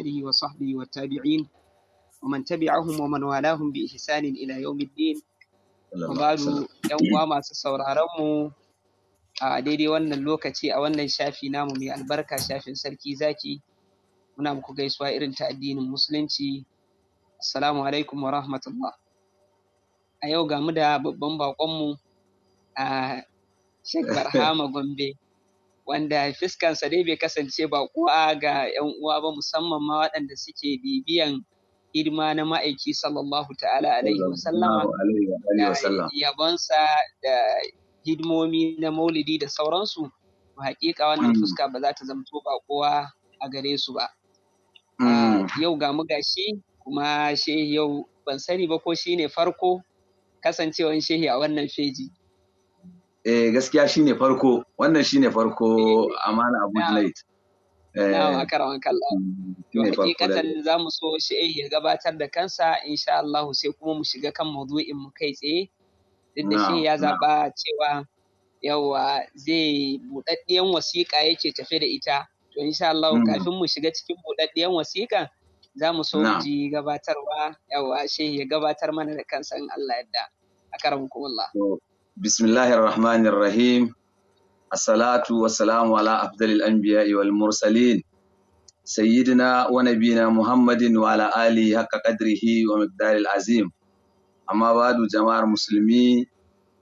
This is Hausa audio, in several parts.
آله وصحبه والتابعين ومن تبعهم ومن والاهم بإحسان إلى يوم الدين وبعد يوم ما سسورارمو a daidai wannan lokaci a wannan shafi namu mai albarka shafin sarki zaki muna muku gaisuwa irin ta addinin musulunci assalamu alaikum wa rahmatullah a yau gamu da babban bakonmu a Sheikh Barhama Gombe wanda fiskansa dai bai kasance ba kuwa ga 'yan uwa ba musamman ma waɗanda suke bibiyan hidima na ma'aiki sallallahu ta'ala alaihi wasallam da yabonsa da hidimomi na maulidi da sauransu ba hakika wannan mm. fuska ba za ta zamto ba kowa a gare su ba mm. ah, yau ga mu gashi kuma shehi yau ban sani ba ko shine farko kasancewan shehi a wannan feji eh gaskiya shine farko wannan shine farko amana abu lait Na'am eh, A mm, Hakikatan za mu so shi ya gabatar da kansa insha Allah sai kuma mu shiga kan maudu'in mu kai tsaye. Duk da shi ya zaba cewa yawa zai buɗaɗɗiyan wasiƙa yake tafe da ita. To insha Allah mm. kafin mu shiga cikin buɗaɗɗiyan wasiƙa za mu so ji gabatarwa yawa shi ya gabatar mana da kansa in Allah yadda. a kuma Allah. bismillahir rahmanir rahim assalatu wassalamu ala afdalil anbiya'i wal mursalin sayyidina wa nabina muhammadin wa ala ali haqqa qadrihi wa miqdaril azim amma badu jama'ar musulmi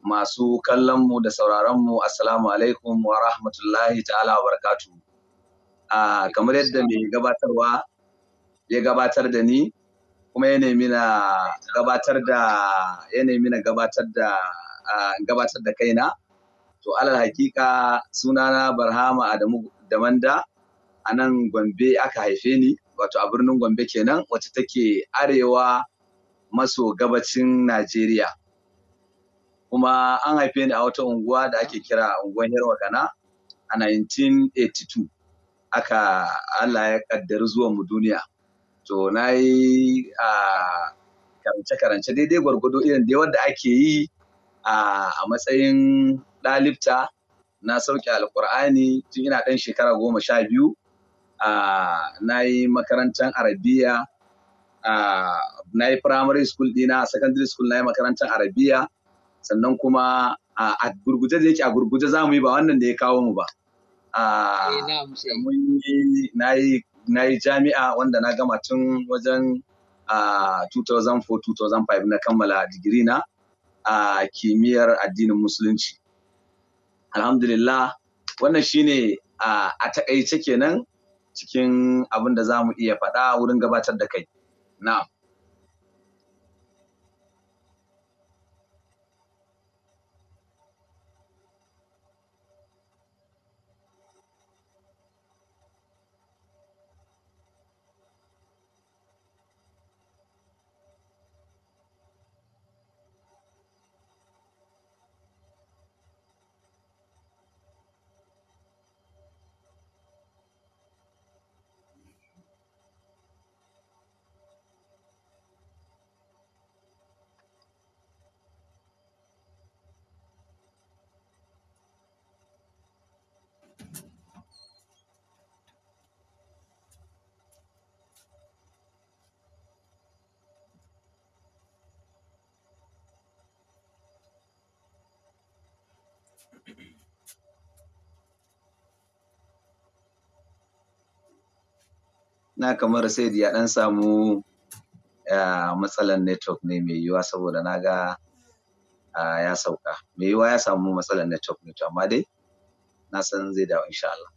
masu kallon mu da sauraron mu Asalamu alaikum wa rahmatullahi ta'ala wa barakatuhu a ah, kamar yadda mai gabatarwa ya gabatar da ni kuma ya nemi na gabatar da ya nemi na gabatar da gabatar da kaina to alal hakika sunana barhama adamu damanda a nan gombe aka haife ni wato a birnin gombe kenan wacce take arewa maso gabacin najeriya kuma an haife ni a wata unguwa da ake kira unguwar yarwagana a 1982 aka allah ya kaddari zuwan mu duniya to na yi a ah, karance-karance daidai gwargwado irin da wadda ake yi a matsayin ɗalibta na sauke alkur'ani tun ina ɗan shekara goma sha biyu na yi makarantar arabiya na yi primary school dina secondary school na yi makarantar arabiya sannan kuma a gurguje da yake a gurguje za mu yi ba wannan da ya kawo mu ba eh, na yi jami'a wanda na gama tun wajen 2004-2005 na kammala digiri na a kimiyyar addinin musulunci alhamdulillah wannan shi ne a taƙaice kenan cikin abin da za mu iya faɗa wurin gabatar da kai na'am na kamar sai ya dan samu eh, matsalan network ne mai yiwuwa saboda na ga ah, ya sauka mai yiwuwa ya samu matsalan network ne amma dai na san zai dawo insha Allah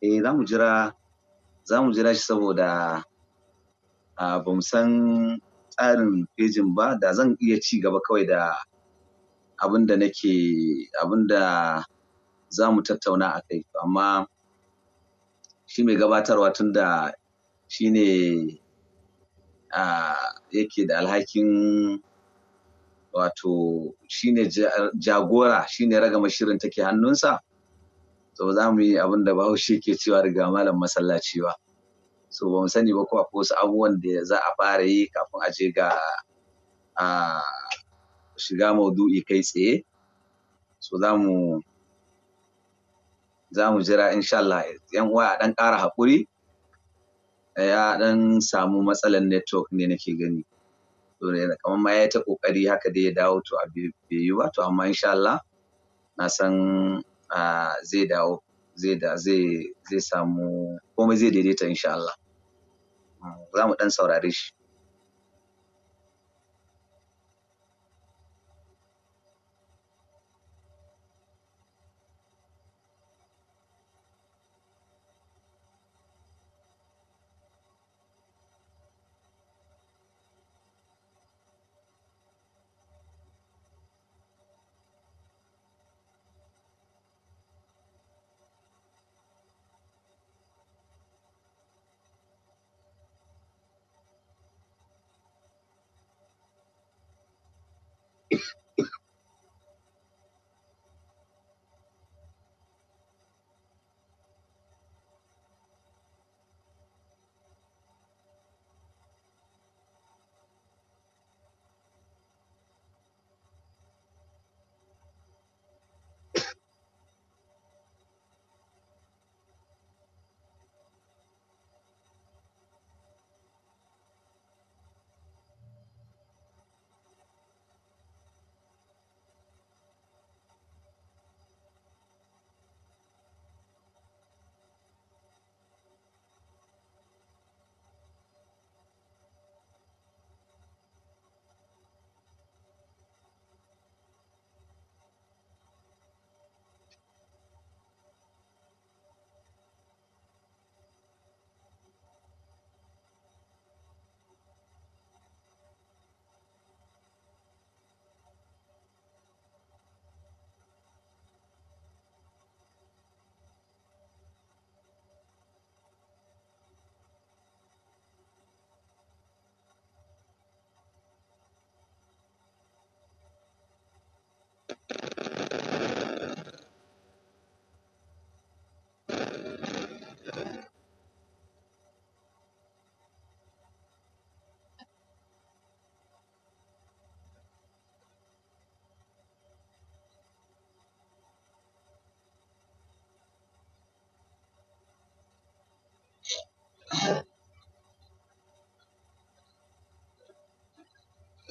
eh za mu jira za mu jira shi saboda ba mu san tsarin fejin ba da zan iya ci gaba kawai da abin da nake abin da za mu tattauna a kai amma shi mai gabatarwa tun da shi ne yake da alhakin wato shi ne jagora shi ne ragama shirin take hannunsa so za mu yi abin da bahaushe ke cewa riga malam masallaci ba so ba sani ba ko akwai wasu abubuwan da za a fara yi kafin a je ga a shiga maudu'i kai tsaye so za mu za mu jira insha Allah yan uwa a dan ƙara haƙuri ya dan samu matsalar network ne nake gani to kamar ma ya ta kokari haka dai ya dawo to a bai yi ba to amma insha Allah na san zai dawo zai zai samu komai zai daidaita insha Allah za mu dan saurare shi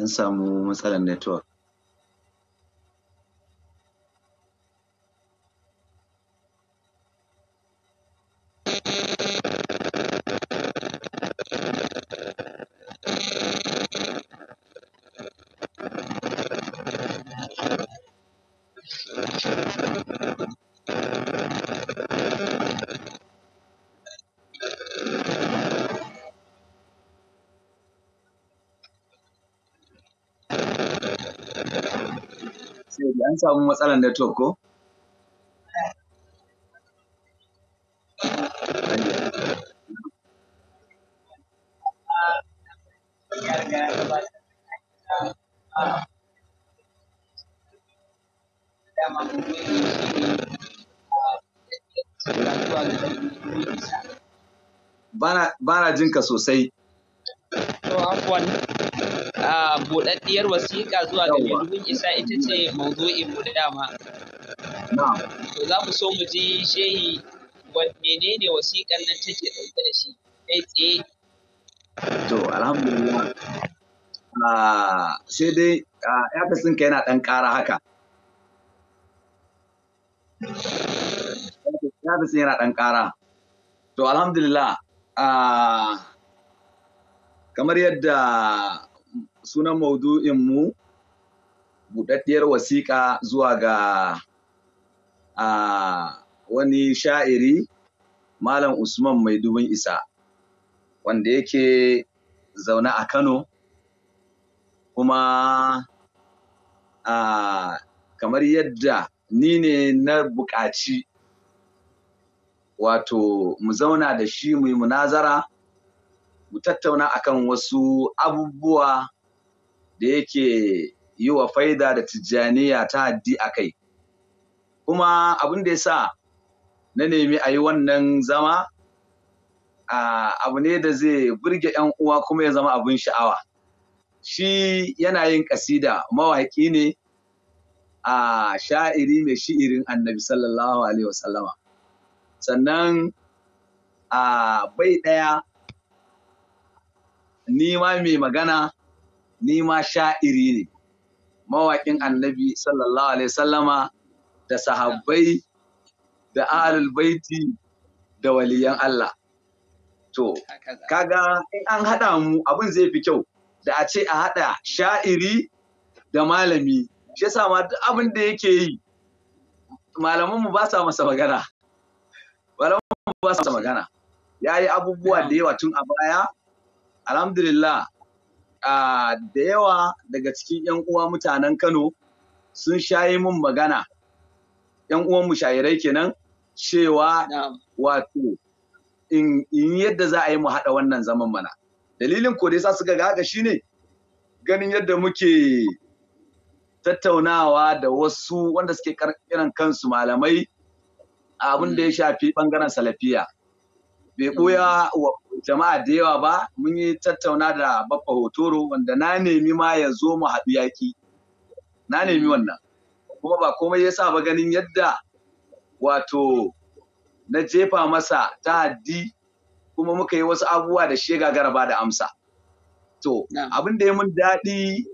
an samu matsalar network samu matsalar network ko? Bana jinka sosai. buɗaɗɗiyar wasiƙa zuwa ga mai isa ita ce mawdu'in mu da dama to za mu so mu ji shehi menene wasiƙar nan take ɗauke da shi kai tsaye to alhamdulillah ah, sai dai ya ah, sun kai yana ɗan ƙara haka ya fi sun yana ɗan ƙara to alhamdulillah ah, kamar yadda sunan maudu'in mu buɗaɗɗiyar wasiƙa zuwa ga wani sha'iri Malam Usman mai dubin isa wanda yake zaune a Kano kuma kamar yadda ni ne na buƙaci wato mu zauna da shi mu yi munazara mu tattauna akan wasu abubuwa da yake yi wa faida da tijjaniya ta haddi a kai kuma abin da ya sa na nemi a yi wannan zama abu ne da zai burge 'yan uwa kuma ya zama abin sha'awa shi yana yin ƙasida mawaƙi ne a sha'iri mai shi'irin annabi sallallahu alaihi wasallama sannan a bai ɗaya ni ma mai magana ni ma sha'iri ne mawaƙin annabi sallallahu alaihi sallama da sahabbai da ahlul baiti da waliyan Allah to kaga in an haɗa mu abin zai fi kyau da a ce a haɗa sha'iri da malami shi yasa ma duk abin da yake yi malamanmu ba sa masa magana malamanmu ba sa masa magana ya yi abubuwa da yawa tun a baya alhamdulillah da yawa daga cikin 'yan uwa mutanen Kano sun shayi mun magana, 'yan uwan mushayirai kenan cewa wato in yadda za a yi mu haɗa wannan zaman mana. Dalilin ko da yasa suka ga haka shine ganin yadda muke tattaunawa da wasu wanda suke kiran kansu malamai abin da ya mm. shafi ɓangaren salafiya. bai ɓoya wa jama'a da yawa ba mun yi tattauna da baffa hotoro wanda na nemi ma ya zo mu haɗu yaƙi. na nemi wannan kuma ba komai ya sa ba ganin yadda wato na jefa masa ta haddi kuma muka yi wasu abubuwa da shi gagara da amsa to abin da ya mun daɗi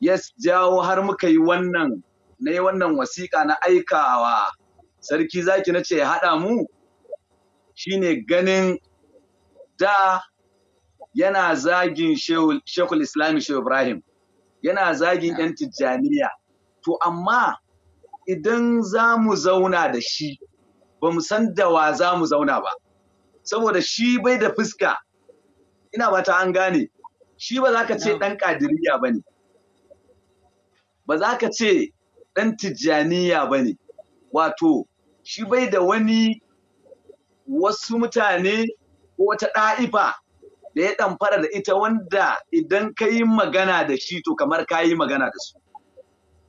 ya jawo har muka yi wannan na yi wannan wasiƙa na aikawa sarki zaki na ce ya haɗa mu shine ganin da yana zagin shekul islami shehu ibrahim yana zagin yan tijjaniya to amma idan za mu zauna da shi ba mu san da wa za mu zauna ba saboda shi bai da fuska ina ba ta an gane shi ba za ka ce ɗan ƙadiriya ba ne ba za ka ce ɗan tijjaniya ba ne wato shi bai da wani wasu mutane ko wata ɗa'ifa da ya ɗamfara da ita wanda idan ka yi magana da shi to kamar ka yi magana da su.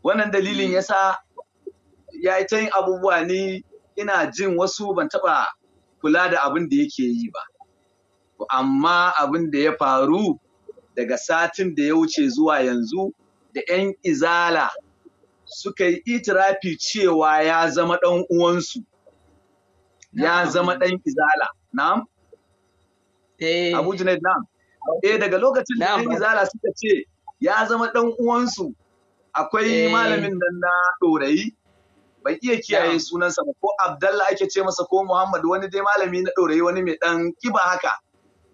Wannan dalilin ya sa ya yi ta yin abubuwa ni ina jin wasu ban taɓa kula da abin da yake yi ba. Amma abin da ya faru daga satin da ya wuce zuwa yanzu da 'yan izala suka yi itirafi cewa ya zama ɗan uwansu. ya zama ɗan izala na'am eh Abu Junaid na'am eh daga lokacin da ɗan izala suka ce ya zama ɗan uwansu akwai eh. malamin nan na ɗorayi bai iya kiyaye sunansa ba ko Abdallah ake ce masa ko Muhammad wani dai malami na ɗorayi wani mai ɗan kiba haka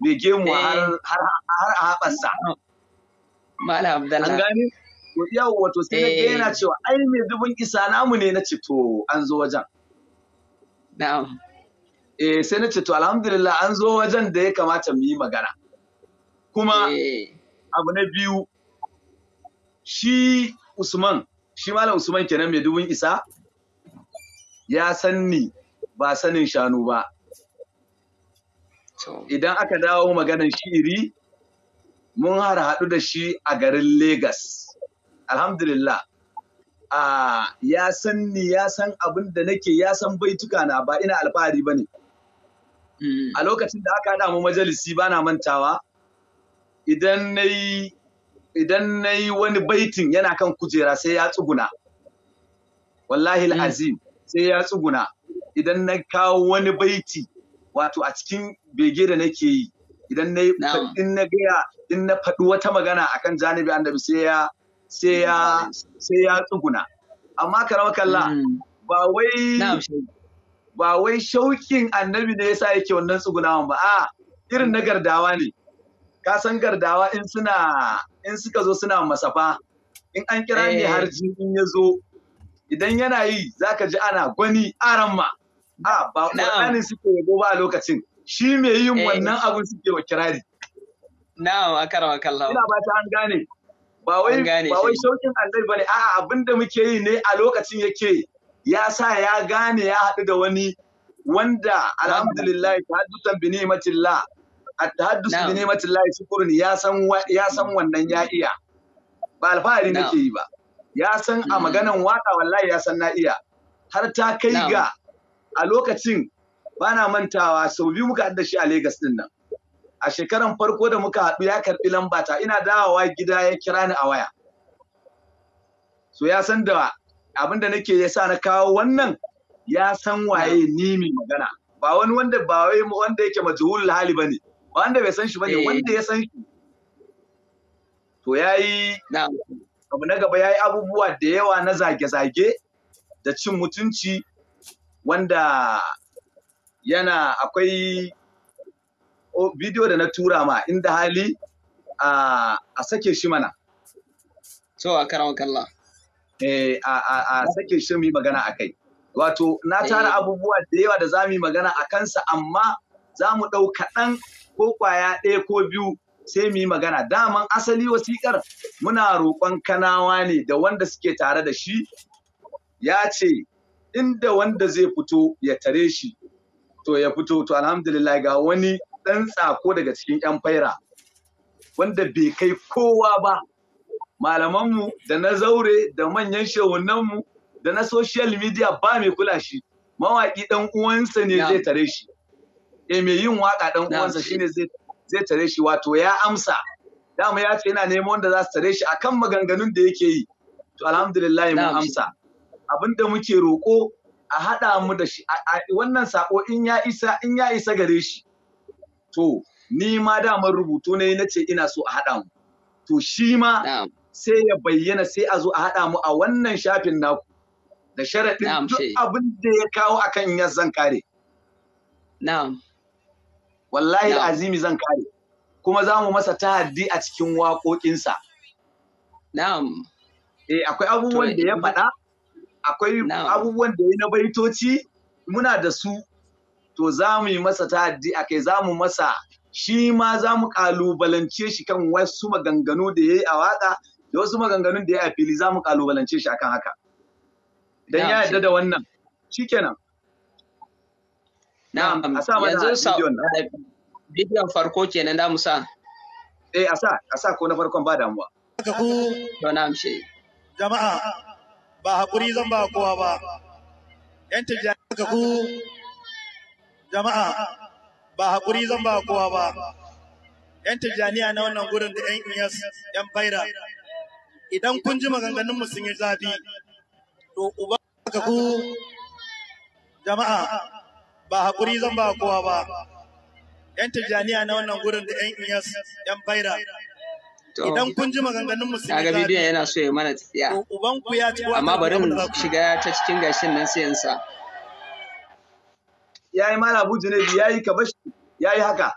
mai gemu eh. har har a haɓarsa. Malam Abdallah. An gane? Ya wato sai na yana eh. cewa ai mai dubin isa namu ne na ce to an zo wajen. Na'am. eh sai na ce to alhamdulillah an zo wajen da ya kamata mu yi magana kuma eh. abu na biyu shi usman shi malam usman kenan mai dubin isa ya san ni ba sanin shanu ba idan aka dawo maganan shiri mun har haɗu da shi a garin Legas. Alhamdulillah. Ah, ya san ni ya san abin da nake ya san baituka na ba ina alfahari ba ne. Mm. a lokacin da aka haɗa mu majalisi bana mantawa idan na yi idan na wani baitin yana kan kujera sai ya tsuguna wallahi mm. azim sai ya tsuguna idan na kawo wani baiti wato a cikin bege da nake yi idan na in na gaya in na faɗi wata magana akan janibi annabi sai ya sai ya tsuguna amma karamar kalla mm. ba wai ba wai shauƙin annabi ne yasa yake wannan tsugunawan ba a irin na gardawa ne ka san gardawa in suna in suka zo suna masafa in an kira ne eh. har jini ya zo idan yana yi zaka ji ana gwani ma. a ba wani suke yabo ba a lokacin shi mai yin eh. wannan abun suke wa kirari na'am akarama kallahu ina ba ta an gane ba wai ba wai shaukin annabi bane a'a abinda muke yi ne a lokacin yake ya sa ya gane ya haɗu da wani wanda alhamdulillah tahaddusan bi ni'matillah at-tahaddus bi ni'matillah shukrun ya san ya san wannan ya iya ba alfahari nake yi ba ya san a mm. maganan waka wallahi ya san na iya har ta kai ga a lokacin bana mantawa sau biyu muka haddashi a Legas din nan a shekaran farko da muka haɗu ya karɓi lambata ina dawowa gida ya kira ni a waya so ya san da abin da nake sa na kawo wannan ya san waye ni mai magana ba wani wanda ba wai wanda yake majhul hali bane ba wanda bai san shi bane eh. wanda ya san shi to yayi abu na gaba yayi abubuwa da yawa na zage-zage da cin mutunci wanda yana akwai bidiyo da na tura ma inda hali a sake shi mana. So a karan kalla. Eh, a eh. sake shi mu yi magana a kai. Wato, na tara eh. abubuwa da yawa da za mu yi magana a kansa, amma za mu ɗau kaɗan ko kwaya ɗaya ko biyu sai mu yi magana. Daman asali wasiƙar muna roƙon kanawa ne da wanda suke tare da shi, ya ce, inda wanda zai fito ya tare shi, to ya fito, to alhamdulillah ga wani ɗan tsako daga cikin 'yan faira, wanda bai kai kowa ba, malamanmu da na zaure da manyan shehunanmu da na social media ba mai kula shi mawaƙi ɗan uwansa ne zai tare shi e mai yin waƙa ɗan uwansa shine zai tare shi wato ya amsa dama ya ce yana neman wanda za su tare shi akan maganganun da yake yi to alhamdulillah mun amsa Abin da muke roƙo a haɗa mu da shi A wannan sako in ya isa in ya isa gare shi to ni ma damar rubutu ne na ce ina so a haɗa mu to shi ma sai ya bayyana sai a zo a haɗa mu a wannan shafin naku da sharaɗin duk abin da ya kawo akan yas zan kare. Na'am. Wallahi azimi zan kare. Kuma za mu masa tahaddi a cikin waƙoƙinsa. Na'am. Eh akwai abubuwan da ya faɗa, akwai abubuwan da ya na baitoci muna da su to za mu yi masa tahaddi a kai za mu masa shi ma za mu ƙalubalance shi kan wasu maganganu da ya yi a waƙa da wasu maganganun da ya a fili za mu kalubalance shi akan haka Don ya yarda da wannan shikenan na'am yanzu sa bidiyon farko kenan da mu sa eh a sa a sa ko na farkon ba damuwa haka ku jama'a ba haƙuri zan ba kowa ba yan tijjani haka ku jama'a ba haƙuri zan ba kowa ba yan tijjaniya na wannan gudun da yan iyas yan baira idan kun ji maganganun mu sun yi zafi to uba ka ku jama'a ba hakuri zan ba kowa ba yan tijjaniya na wannan gurin da yan iyas yan baira idan kun ji maganganun mu sun yi zafi bidiyon yana so ya mana tsiya uban ku ya ci amma bari mu shiga ta cikin gashin nan sai yansa yayi mala buji ne yayi ka bashi yayi haka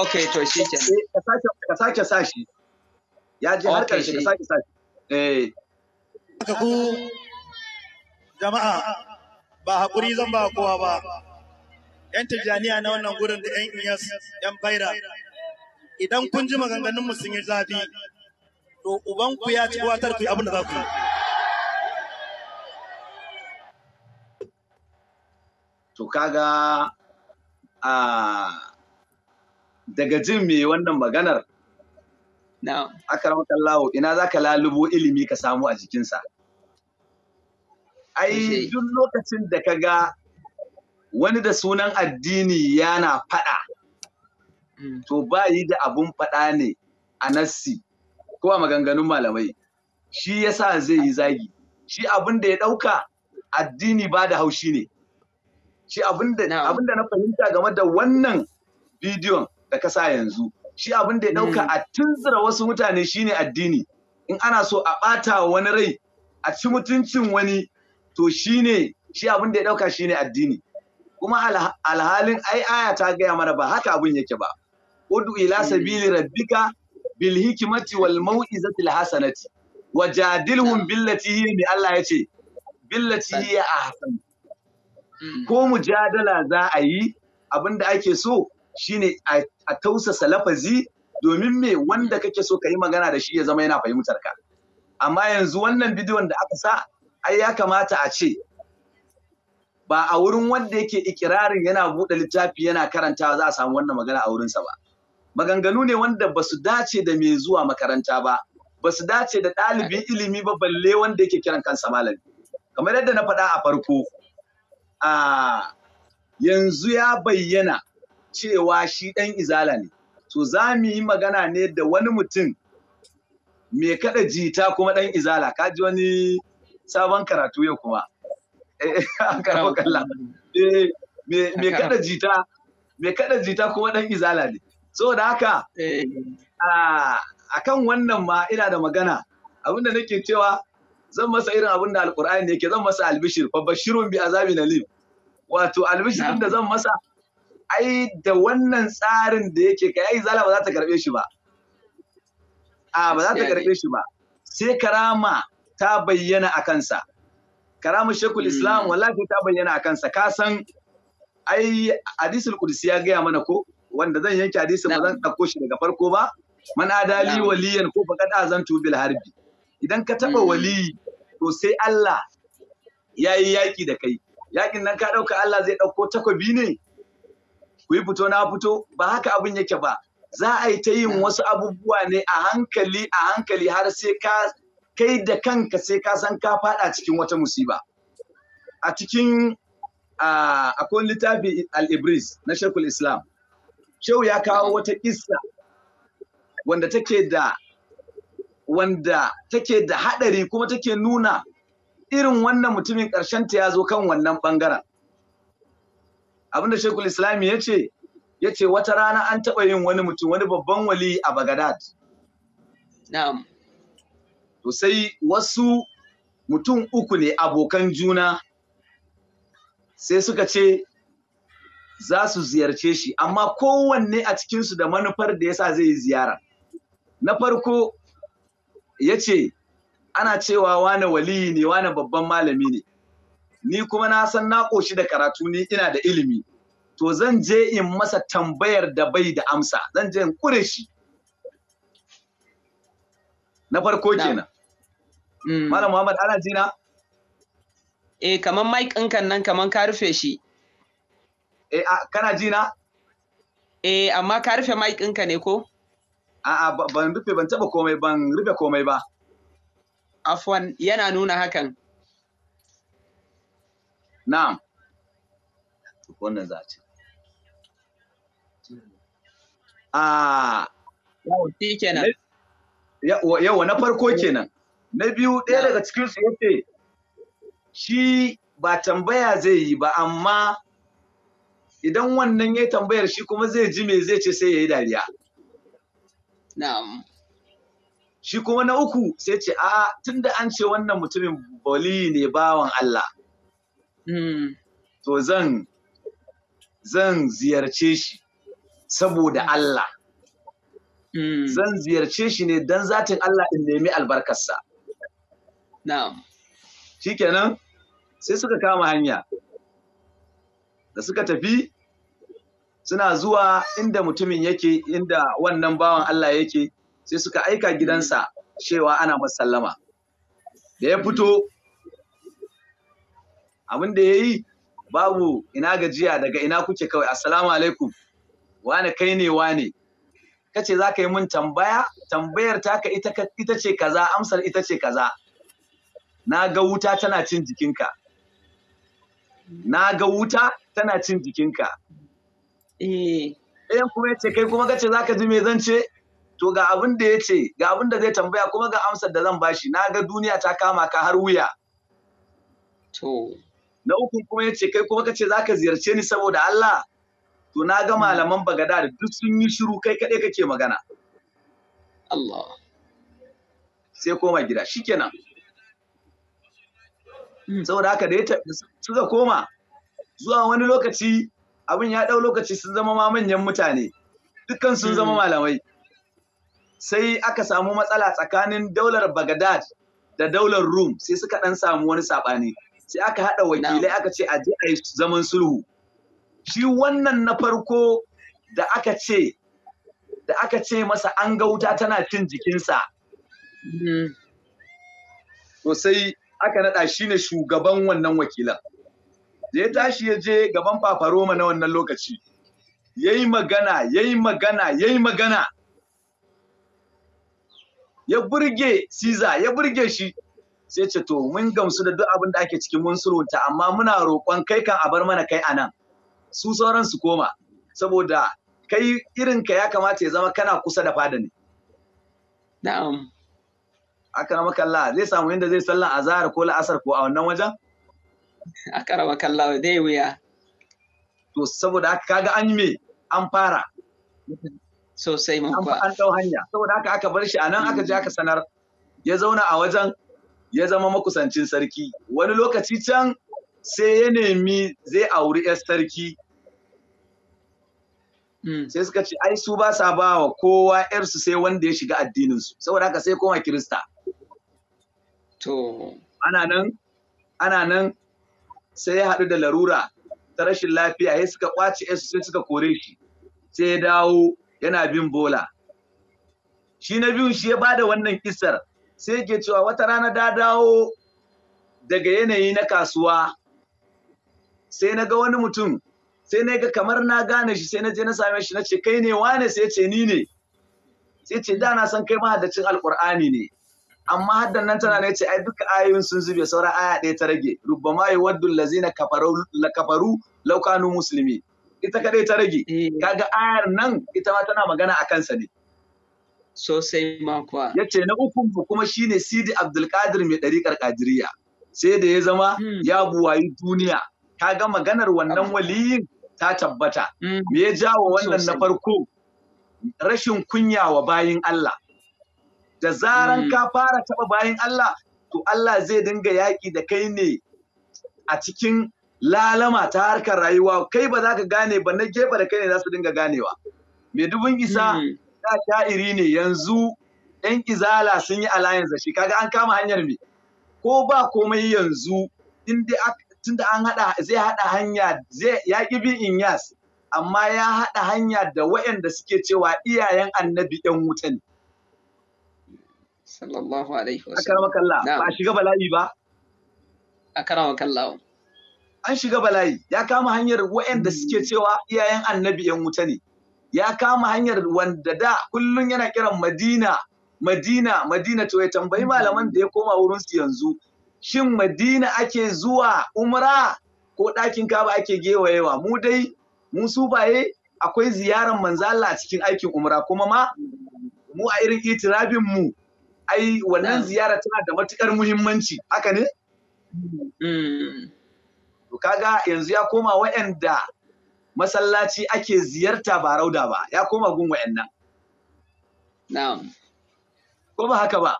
okay to shi kenan eh, ka sake ka sake sashi ya je karshe ka sake sake eh ka ku jama'a ba hakuri zan ba kowa ba yan Tijaniya na wannan gurin da yan iyas yan baira idan kun ji maganganun mu sun yi zafi to uban ku ya ci watar ku abin da za ku yi to kaga a ah, daga jin me wannan maganar akaram Lawo, ina za ka lalubo ilimi ka samu a jikinsa ai duk lokacin da ka ga wani da sunan addini yana faɗa mm. to ba yi da abun faɗa ne a nassi ko a maganganun malamai shi yasa zai yi zagi shi abun da ya ɗauka addini ba da haushi ne shi abin da na fahimta game da wannan bidiyon da ka sa yanzu shi abin da ya ɗauka mm. a tunzura wasu mutane shine addini in ana so a ɓata wani rai a ci mutuncin wani to shine shi abin da ya ɗauka shine addini kuma alhalin ai aya ta gaya mana ba haka abin yake ba udu ila mm. sabili rabbika bil hikmati wal mau'izati al hasanati wajadilhum mm. billati hiya bi Allah yace billati hiya ahsan ko mujadala za a yi abin abinda ake so shine a tausasa lafazi domin me wanda kake so ka yi magana da shi ya zama yana fahimtar ka amma yanzu wannan bidiyon da aka sa ai ya kamata a ce ba a wurin wanda yake ikirarin yana buɗe littafi yana karantawa za a samu wannan magana a wurinsa ba maganganu ne wanda ba su dace da mai zuwa makaranta ba ba su dace da ɗalibin ilimi ba balle wanda yake kiran kansa malami kamar yadda na faɗa a farko a yanzu ya bayyana cewa shi ɗan izala ne. So za mu yi magana ne da wani mutum mai kada jita kuma ɗan izala, ka ji wani sabon karatu yau kuma. Mai eh, eh, kada eh, jita, mai kada jita kuma ɗan izala ne. So da haka, a kan wannan ma ina da magana, abinda nake cewa zan masa irin abin da alƙur'ani ne ke zan masa albishir, babbar shirin bi azabi nalim. Wato albishir da zan masa ai da wannan tsarin da yake kai ai zala ba za ta karbe shi ba a ba za ta karbe shi ba sai karama ta bayyana a kansa karama shekul hmm. islam wallahi ta bayyana a kansa ka san ai hadisul qudsi ya gaya mana ko wanda zan yanke hadisin ba zan ɗauko shi daga farko ba man adali waliyan ko faqad azantu bil harbi idan ka taba hmm. wali to sai Allah yayi yi yaƙi da kai yaƙin nan ka ɗauka Allah zai ɗauko takobi ne ku yi fito na fito ba haka abin yake ba za a yi ta yin wasu abubuwa ne a hankali a hankali har sai ka kai da kanka sai ka san ka fada cikin wata musiba a cikin a akwai littafi al-ibris na shekul islam shehu ya kawo wata kissa wanda take da wanda take da haɗari kuma take nuna irin wannan mutumin ƙarshen ta ya zo kan wannan bangaren abinda shekul islam ya ce ya ce wata rana an taɓa yin wani mutum wani babban wali a bagadad na'am to sai wasu mutum uku ne abokan juna sai suka ce za su ziyarce shi amma kowanne a cikinsu da manufar da ya sa zai yi ziyara na farko ya ce ana cewa wane waliyi ne wane babban malami ne ni kuma na san na ƙoshi da karatu ni ina da ilimi to zan je in masa tambayar da bai da amsa zan je in ƙure shi na farko kenan mm. malam muhammad ana jina eh kaman mic ɗinkan nan kaman ka rufe shi eh kana jina eh amma ka rufe mic ɗinka ne ko a'a ban rufe ban taba komai ban rufe komai ba afwan yana nuna hakan na'am wannan za a ce ah, shi kenan yawa na farko kenan na biyu ɗaya daga cikin su yace shi ba tambaya zai yi ba amma idan wannan ya tambayar shi kuma zai ji me zai ce sai ya yi dariya na'am shi kuma na uku sai ce a ah, tunda an ce wannan mutumin bali ne bawan Allah Hmm. to zan zan ziyarce shi saboda Allah hmm. zan ziyarce shi ne don zatin Allah in nemi albarkarsa shikenan sai suka kama hanya da suka tafi suna zuwa inda mutumin yake inda wannan bawan Allah yake sai suka aika gidansa cewa ana masallama da ya fito abin da ya yi, babu ina gajiya daga ina kuke kawai assalamu alaikum wane kai ne wane ce za ka yi mun tambaya tambayar taka ita ita ce kaza amsar ita ce kaza na ga wuta tana cin jikinka na ga wuta tana cin jikinka eh ɗayan kuma ya ce kai kuma ka ce za ka ji me zan ce to ga abin da ya ce ga abin da zai tambaya kuma ga amsar da zan bashi na ga duniya ta kama ka har wuya na uku kuma ya ce kai kuma ka ce za ka ziyarce ni saboda Allah to na ga malaman bagada da duk sun yi shiru kai kaɗai kake magana Allah sai koma gida shikenan hmm. saboda haka da ya suka koma zuwa wani lokaci abin ya ɗau lokaci sun zama ma manyan mutane dukkan sun zama hmm. malamai sai aka samu matsala tsakanin daular Bagdad da daular Rum sai suka ɗan samu wani saɓani. sai aka haɗa wakilai aka ce a je a yi zaman sulhu shi wannan na farko da aka ce da aka ce masa an ga wuta tana cin jikinsa mm-hmm. to sai aka naɗa shi ne shugaban wannan wakilan da ya tashi ya je gaban fafaroma na wannan lokaci ya yi magana ya yi magana ya yi magana ya burge siza ya burge shi sai ce to mun gamsu da duk abin da ake cikin mun surunta amma muna roƙon kai kan a bar mana kai a nan su sauran su koma saboda kai irin ka ya kamata ya zama kana kusa da fada ne na'am akara kalla zai samu inda zai sallan azhar ko la'asar ko a wannan wajen akara kalla dai wuya to saboda haka kaga an yi me an fara sosai mun an dau hanya saboda haka aka bar shi anan aka je aka sanar ya zauna a wajen ya zama makusancin sarki wani lokaci can sai ya nemi zai auri 'yar sarki hmm. sai suka ce ai su ba sa ba wa kowa 'yarsu sai wanda ya shiga addininsu saboda haka sai koma kirista to ana nan ana nan sai ya haɗu da larura ta rashin lafiya ya suka ƙwace 'yarsu sai suka kore shi sai ya dawo yana bin bola shi na biyu shi ya ba da wannan kisar sai yake cewa wata rana da dawo daga yanayi na kasuwa sai na ga wani mutum sai na ga kamar na gane shi sai na je na same shi na ce kai ne wane sai ce ni ne sai ce da na san kai mahaddacin alkur'ani ne amma haddan nan tana ne ce ai duka ayoyin sun zube sauran aya ɗaya ta rage rubbama yi allazina lazina la kafaru laukanu musulmi ita kadai ta rage eh. kaga ayar nan ita ma tana magana a kansa ne Sosai makwa. Ya ce na uku kuma shine Sidi Abdulkadir mai ɗariƙar Kadiriya. Sai da ya zama hmm. ya buwayi duniya. Ka ga maganar wannan waliyin ta tabbata. Hmm. Me ya jawo wannan na farko? Rashin kunya wa bayin Allah. Da zaran hmm. ka fara taɓa bayin Allah, to Allah zai dinga yaƙi da kai ne a cikin lalama ta harkar rayuwa kai ba za ka gane ba na gefe da kai ne za su dinga ganewa. Mai dubin isa da sha'iri ne yanzu yan izala sun yi alliance da shi kaga an kama hanyar me ko ba komai yanzu tunda an hada zai hada hanya zai ya bin inyas amma ya hada hanya da waɗanda suke cewa iyayen annabi yan wuta ne sallallahu alaihi wasallam akramaka ba shiga bala'i ba akramaka Allah an shiga bala'i ya kama hanyar waɗanda suke cewa iyayen annabi yan wuta ne ya kama hanyar wanda da kullum yana kiran Madina Madina Madina to ya tambayi malaman da ya koma wurin su yanzu shin Madina ake zuwa umra ko ɗakin kaba ake gewayewa mu dai mu baye akwai ziyarar Manzala a cikin aikin umra kuma ma mu a irin itirabin mu ai wannan ziyara tana da matukar muhimmanci haka ne mm. to kaga yanzu ya koma waɗanda masallaci ake ziyarta ba rauda ba ya koma gun wayannan na'am ko ba haka ba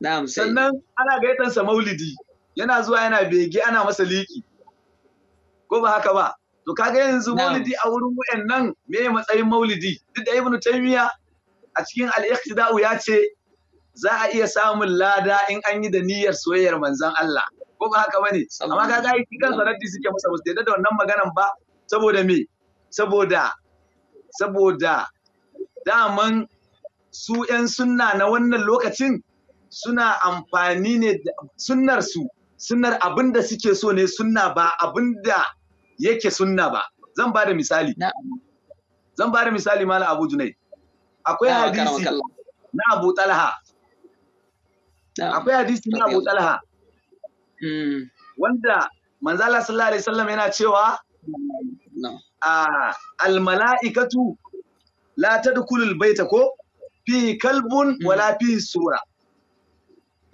na'am sannan ana gaitansa maulidi yana zuwa yana bege ana masa liki ko ba haka ba to kaga yanzu maulidi a wurin wayannan me matsayin maulidi duk da ibnu taymiya a cikin al-iqtida'u ya ce za a iya samun lada in an yi da niyyar soyayyar manzon Allah ko ba haka bane amma kaga ai kansa raddi suke masa ba da wannan maganan ba saboda me saboda saboda daman su 'yan sunna na wannan lokacin suna amfani ne da sunnar su sunnar abin da suke so ne sunna ba abin da yake sunna ba zan ba da misali zan ba da misali mala abu junai akwai hadisi na abu talha akwai hadisi na abu talha wanda manzala sallallahu alaihi wasallam yana cewa al-mala'ikatu? la tadkhulul baita ko fi kalbun hmm. wala fi sura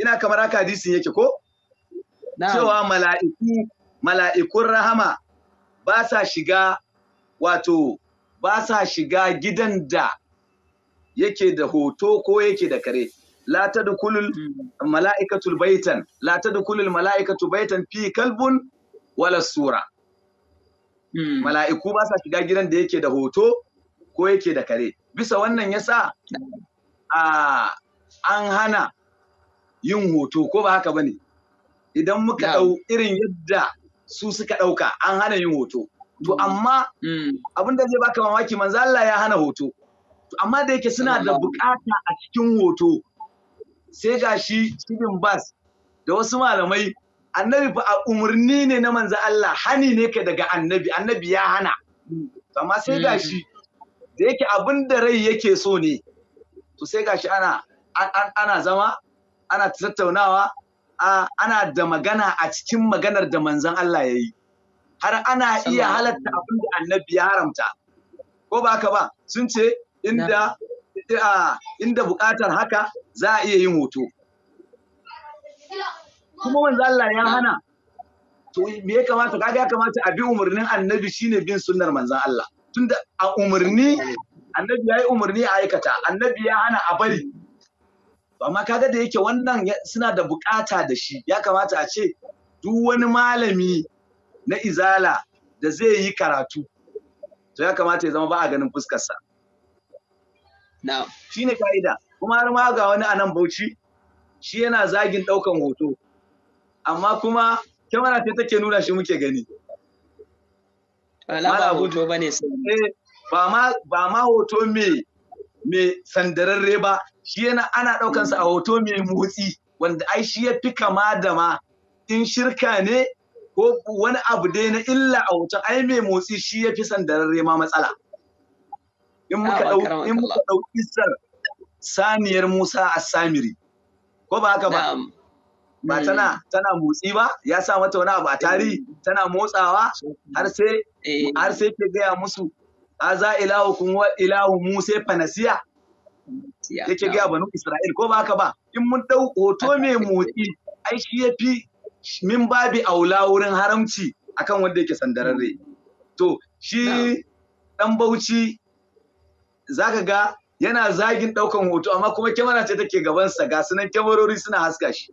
ina kamar haka hadisin yake ko cewa mala'iku mala'ikun rahama ba sa shiga wato ba sa shiga gidan da yake da hoto ko yake da kare la tadkhulul hmm. mala'ikatul baitan la tadkhulul mala'ikatu baitan fi kalbun wala sura Hmm. mala'iku ba sa shiga gidan da yake da hoto ko yake da kare bisa wannan yasa a an hana yin hoto ko ba haka ba ne? idan muka ɗau irin yadda su suka ɗauka an hana yin hoto to hmm. amma hmm. abin da zai baka mamaki manzo Allah ya hana hoto To amma da yake suna da bukata a cikin hoto sai gashi Ibn Bas da wasu malamai annabi ba a umarni ne na manzo Allah hani ne ka daga annabi annabi ya hana amma sai hmm. gashi da yake abin da rai yake so ne to sai gashi ana ana zama ana tattaunawa ana da magana a cikin maganar da manzon Allah ya yi har ana iya halatta abin da annabi ya haramta ko ba haka ba sun ce inda inda bukatar haka za a iya yin hoto kuma manzo Allah ya hana to me ya kamata kaga ya kamata a bi umarnin annabi shine bin sunnar Manzan Allah tunda a umarni annabi ya yi umarni a aikata annabi ya hana a bari amma kaga da yake wannan suna da bukata da shi ya kamata a ce duk wani malami na izala da zai yi karatu to ya kamata ya zama ba a ganin fuskarsa shi ne ka'ida kuma har ma ga wani anan bauchi shi yana zagin ɗaukan hoto amma kuma kyamara ta take nuna shi muke gani ba hoto eh, ba ne ba ma hoto me me sandararre ba shi yana ana sa a hoto mai motsi wanda ai shi ya fi kama da ma in shirka ne ko wani abu dai na illa a hoton ai mai motsi shi ya fi sandararre ma matsala in ah, muka ɗauki isar saniyar musa a samiri ko ba haka ba ba hmm. tana tana motsi ba ya sa mata wani abu a tari hmm. tana motsawa har hmm. sai eh. har sai ke gaya musu aza ilahu kun wa ilahu musa fanasiya yake gaya banu isra'il ko ba haka ba in mun dau hoto mai motsi ai shi yafi min babi aula wurin haramci akan wanda yake sandararre to shi dan bauchi zaka ga yana zagin daukan hoto amma kuma kyamara ce take gabansa ga sunan kyamarori suna haska shi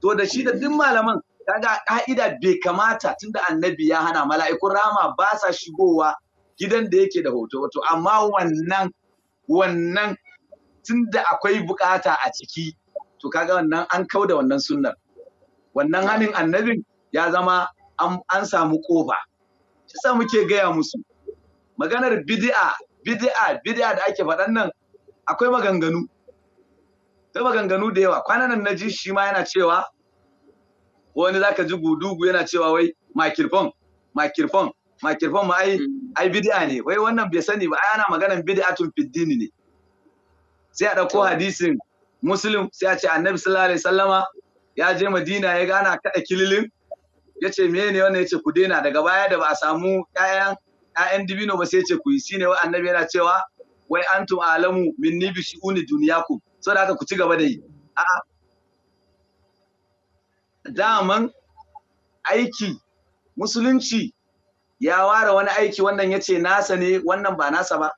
to da shi da duk malaman kaga ka'ida bai kamata tunda annabi ya hana mala'ikun rama ba sa shigowa gidan da yake da hoto wato amma wannan wannan tunda akwai bukata a ciki to kaga wannan an da wannan sunnar wannan hanin annabin ya zama an samu kofa shi sa muke gaya musu maganar bid'a bid'a bid'a da ake faɗan nan akwai maganganu ta maganganu da yawa kwanan nan na ji shi ma yana cewa wani za ka ji gudugu yana cewa wai makirfon makirfon makirfon ma ai ai bid'a ne wai wannan bai sani ba ai ana maganan bid'atun fiddini ne sai a ɗauko hadisin muslim sai a ce annabi sallallahu alaihi sallama ya je madina ya gana kaɗa kililin ya ce me ne wannan ya ce ku daina daga baya da ba a samu ƴaƴan ƴaƴan dibino ba sai ya ce ku yi shine wai annabi yana cewa wai antum alamu minni bi shi'uni duniyakum so da haka ku ci gaba da yi a'a daman aiki musulunci ya ware wani aiki wannan ya ce nasa ne wannan ba nasa ba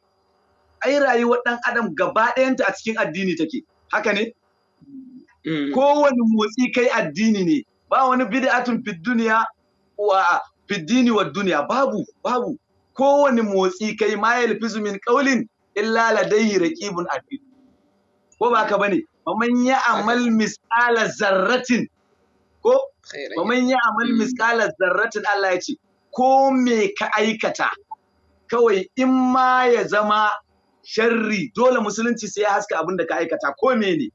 ai rayuwar ɗan adam gaba ɗayanta a cikin addini take haka ne mm. kowane motsi kai addini ne ba wani bid'atun fid duniya wa dini wa duniya babu babu kowane motsi kai ma yalfizu min qaulin illa ladayhi raqibun addini ko ba ka bane man ya amal misqala zarratin ko man ya amal misqala zarratin Allah ya ce ko me ka aikata kawai in ma ya zama sharri dole musulunci sai ya haska abin da ka aikata ko mene?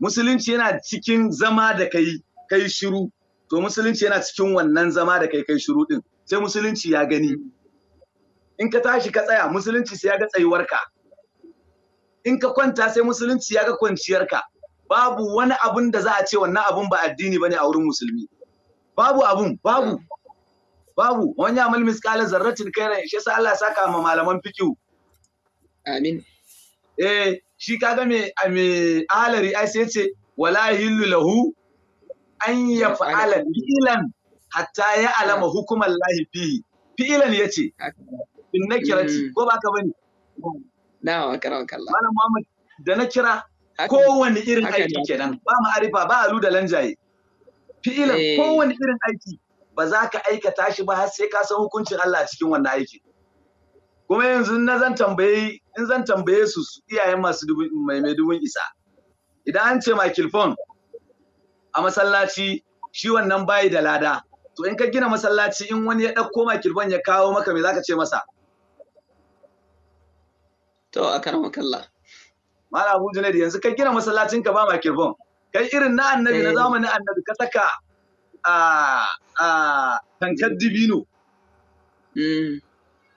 musulunci yana cikin zama da kai kai shiru to musulunci yana cikin wannan zama da kai kai shiru din sai musulunci ya gani in ka tashi ka tsaya musulunci sai ya ga tsayuwarka in ka kwanta sai musulunci ya ga kwanciyarka babu wani abun da za a ce wannan abun ba addini bane a wurin musulmi babu abun babu babu wani amal misqala zarratin khairan shi yasa Allah saka ma malaman fikihu amin eh shi kaga me me alari ai sai ce wala lahu an yaf'ala fi'lan hatta ya alama hukuman lahi fihi fi'lan yace bin nakirati mm. ko baka bane na'am malam Muhammad da na kira kowanne irin aiki kenan ba ma'arifa ba alu da lanjaye fi'ilan eh. kowanne irin aiki ba za ka aikata shi ba har sai ka san hukuncin Allah a cikin wannan aikin kuma yanzu na zan tambaye in zan tambaye su iyayen masu mai mai dubun isa idan an ce makilfon a masallaci shi wannan bayi da lada to in ka gina masallaci in wani ya ɗauko makilfon ya kawo maka me zaka ce masa to a karan kalla mala abu junaid yanzu kai gina masallacin ka ba ma kirbon kai irin na annabi na eh. zamanin annabi ka saka a a tankar dibino mm.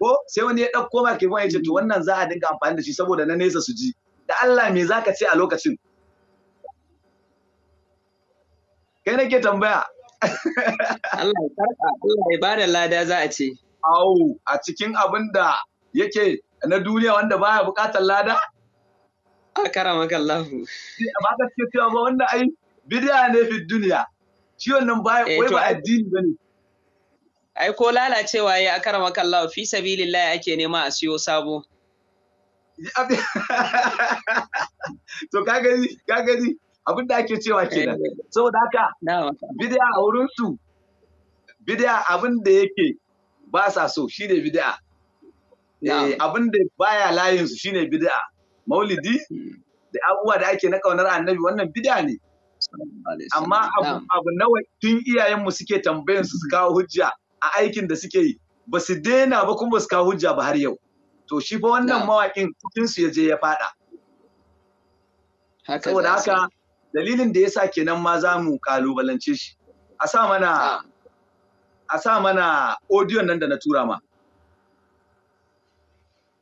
ko sai wani ya ɗauko ma kirbon ya ce to wannan za a dinga amfani da shi saboda na nesa su ji da Allah me zaka ce a lokacin kai nake tambaya Allah ya karɓa Allah ya bada lada za a ce au a cikin abin da yake na duniya wanda baya bukatar lada? A karama kallahu. Ba ka ce cewa ba wanda ai bidiya ne fi duniya. Shi wannan baya eh, wai ba addini ba ne. Ai ko lalacewa ya a karama kallahu fi sabilillahi ake nema a siyo sabo. To ka gani ka gani abin da ake cewa kenan. Eh, eh. Saboda haka bidiya a wurin su bidiya abin da yake ba sa so shi ne bidiya. Eh, abin da baya layin su shine bid'a maulidi da abubuwa da ake na kaunar annabi wannan bid'a ne amma abu nawa tun mu suke tambayan su su kawo hujja a aikin da suke yi ba su daina ba kuma su kawo hujja ba har yau to shi fa wannan mawaƙin su ya je ya faɗa saboda haka dalilin da ya sa kenan ma za mu kalubalance shi a sa mana a sa mana odiyon nan da na tura ma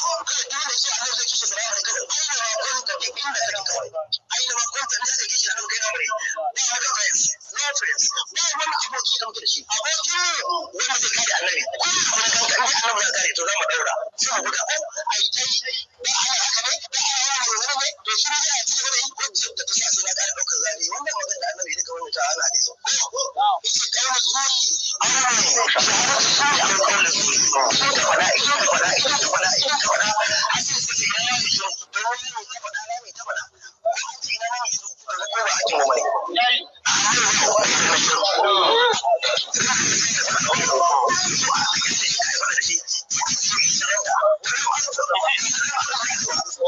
ko kai dole shi Allah zai kishi salamu alaikum aina ma kunta bi inda kake kawai aina ma kunta inda kake kishi Allah kai amri ba mu da friends no friends ba wani aboki da muke da shi aboki wanda zai kare annabi ko mun kanka inda annabi ya kare to za mu daura sai mu buga ko ai tai ba haka ne ba haka ne komai to shi ne da ta sai na ƙara ɗaukar zane wannan magana da annabi ana yake ƙara zuri a wani ta ko Thank you.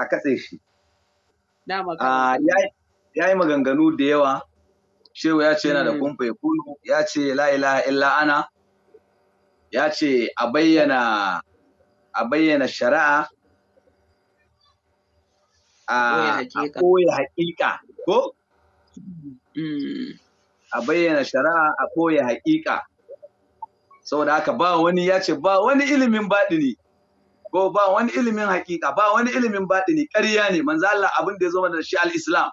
a katse shi ya yi maganganu da yawa shehu ya ce yana da eh. kumfa ya kulu ya ce la'ila illa ana ya ce a bayyana a bayyana shari'a a koya haƙiƙa ko mm. a bayyana shari'a a koya haƙiƙa saboda haka ba wani ya ce ba wani ilimin baɗini ko ba wani ilimin hakika ba wani ilimin baɗi baɗini ƙarya ne manzo Allah abin da ya zama da shi al-Islam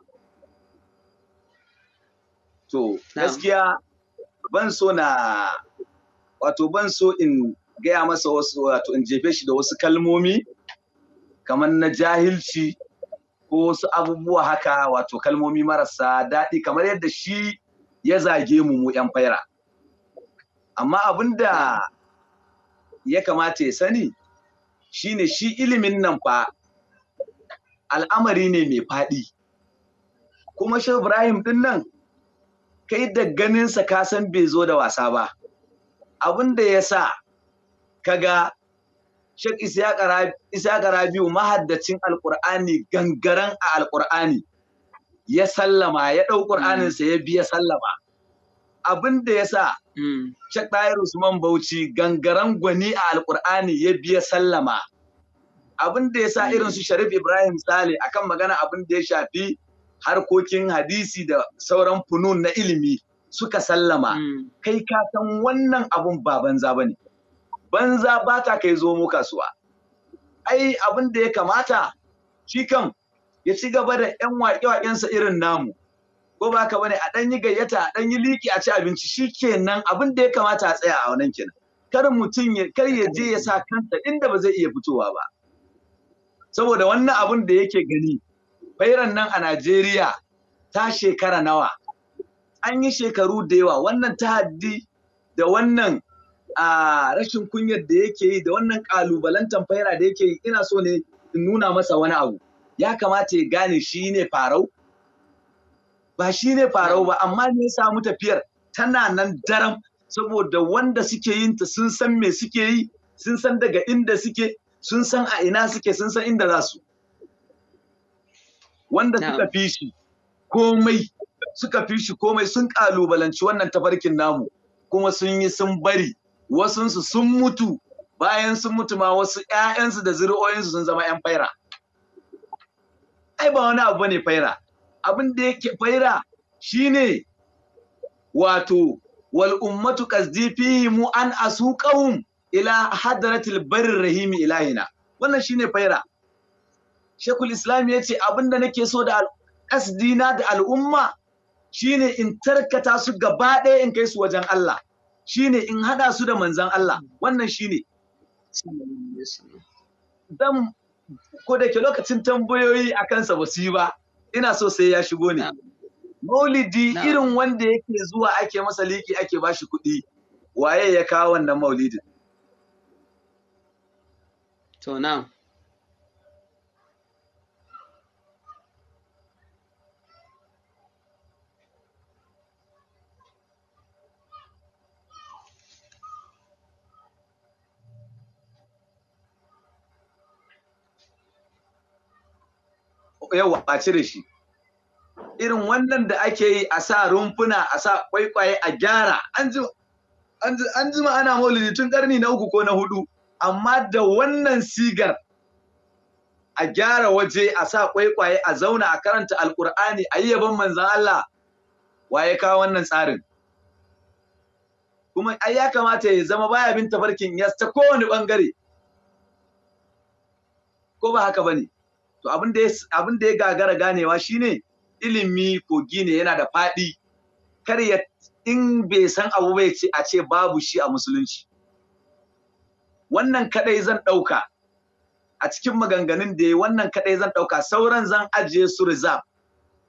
to gaskiya ban so na wato ban so in gaya masa wasu wato in jefe shi da wasu kalmomi kamar na jahilci ko wasu abubuwa haka wato kalmomi marasa daɗi kamar yadda shi ya zage mu mu 'yan faira amma abin da ya kamata ya sani shine shi ilimin nan fa al'amari ne mai faɗi kuma shi Ibrahim din nan kai da ganinsa ka san bai zo da wasa ba abin da ya sa kaga Sheikh Isiyaka Rabiu mahaddacin Alƙur'ani gangaran a Alƙur'ani ya sallama ya ɗau Ƙur'aninsa ya biya sallama abin da ya sa hmm. Sheikh Tahir Usman Bauchi gangaren gwani a Alƙur'ani ya biya sallama. Abin da ya sa hmm. irin su Sharif Ibrahim Sale akan magana abin da ya shafi harkokin hadisi da sauran funun na ilimi suka sallama. Hmm. Kai ka wannan abun ba banza ba ne. Banza ba ta kai zo mu kasuwa. Ai abin da ya kamata shi kan ya ci gaba da 'yan waƙe-waƙensa irin namu. ko ba ka bane a dan yi gayyata a dan yi liki a ci abinci shikenan abin da ya kamata a tsaya a wannan kenan kar mutum ya kar ya je ya sa kansa inda ba zai iya fitowa ba saboda wannan abin da yake gani bayran nan a Najeriya ta shekara nawa an yi shekaru da yawa wannan tahaddi da wannan a rashin kunyar da yake yi da wannan kalubalantan faira da yake yi ina so ne in nuna masa wani abu ya kamata ya gane shi ne farau ba shi ne farau ba amma ne samu tafiyar tana nan daram saboda wanda suke yin ta sun san me suke yi sun san daga inda suke sun san a ina suke sun san inda za su wanda suka fi shi komai suka fi shi komai sun kalubalanci wannan tafarkin namu kuma sun yi sun bari wasunsu sun mutu bayan sun mutu ma wasu 'ya'yansu da zuri'oyinsu sun zama 'yan faira ai ba wani abu ne faira abin da yake faira shine wato wal ummatu qazdifihi mu an asuqahum ila hadratil barrir rahimi ilahina wannan shine faira Shekul Islam ya ce da nake so da kasdina da al'umma shine in tarkata su gaba ɗaya in kai su wajen Allah shine in hada su da manzan Allah wannan shine zan ko da ke lokacin tambayoyi a kansa ba yi ba ina so sai ya shigo ne maulidi irin wanda yake zuwa ake masa liki ake bashi kuɗi waye ya kawo wannan maulidin to yawa a cire shi irin wannan da ake yi a sa rumfuna a sa kwaikwaye a gyara an jima ana maulidi tun karni na uku ko na hudu amma da wannan sigar a gyara waje a sa kwaikwaye a zauna a karanta alkur'ani a yi yaban manzan Allah waye kawo wannan tsarin kuma ai ya kamata ya zama baya bin tafarkin yasta kowane bangare ko ba haka bane to abin da ya gagara ganewa shine ilimi kogi ne yana da faɗi kar ya in bai san abu bai ce a ce babu shi a musulunci wannan kadai zan ɗauka a cikin maganganun da ya wannan kadai zan ɗauka sauran zan ajiye su rizab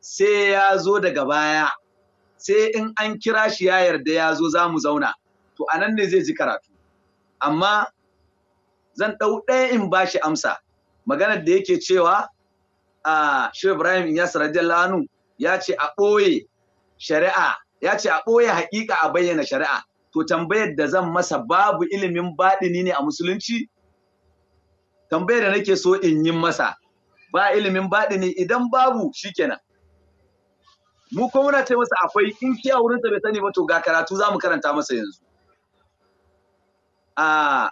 sai ya zo daga baya sai in an kira shi ya yarda ya zo za mu zauna to anan ne zai ji karatu amma zan ɗau ɗaya in ba shi amsa maganar da yake cewa a shi Ibrahim ya radiyallahu ya ce a ɓoye shari'a ya ce a ɓoye haƙiƙa a bayyana shari'a to tambayar da zan masa babu ilimin baɗini ne a musulunci tambayar da nake so in yi masa ba ilimin baɗini idan babu shikenan mu kuma muna ce masa akwai in ki a wurinsa bai sani ba to ga karatu za mu karanta masa yanzu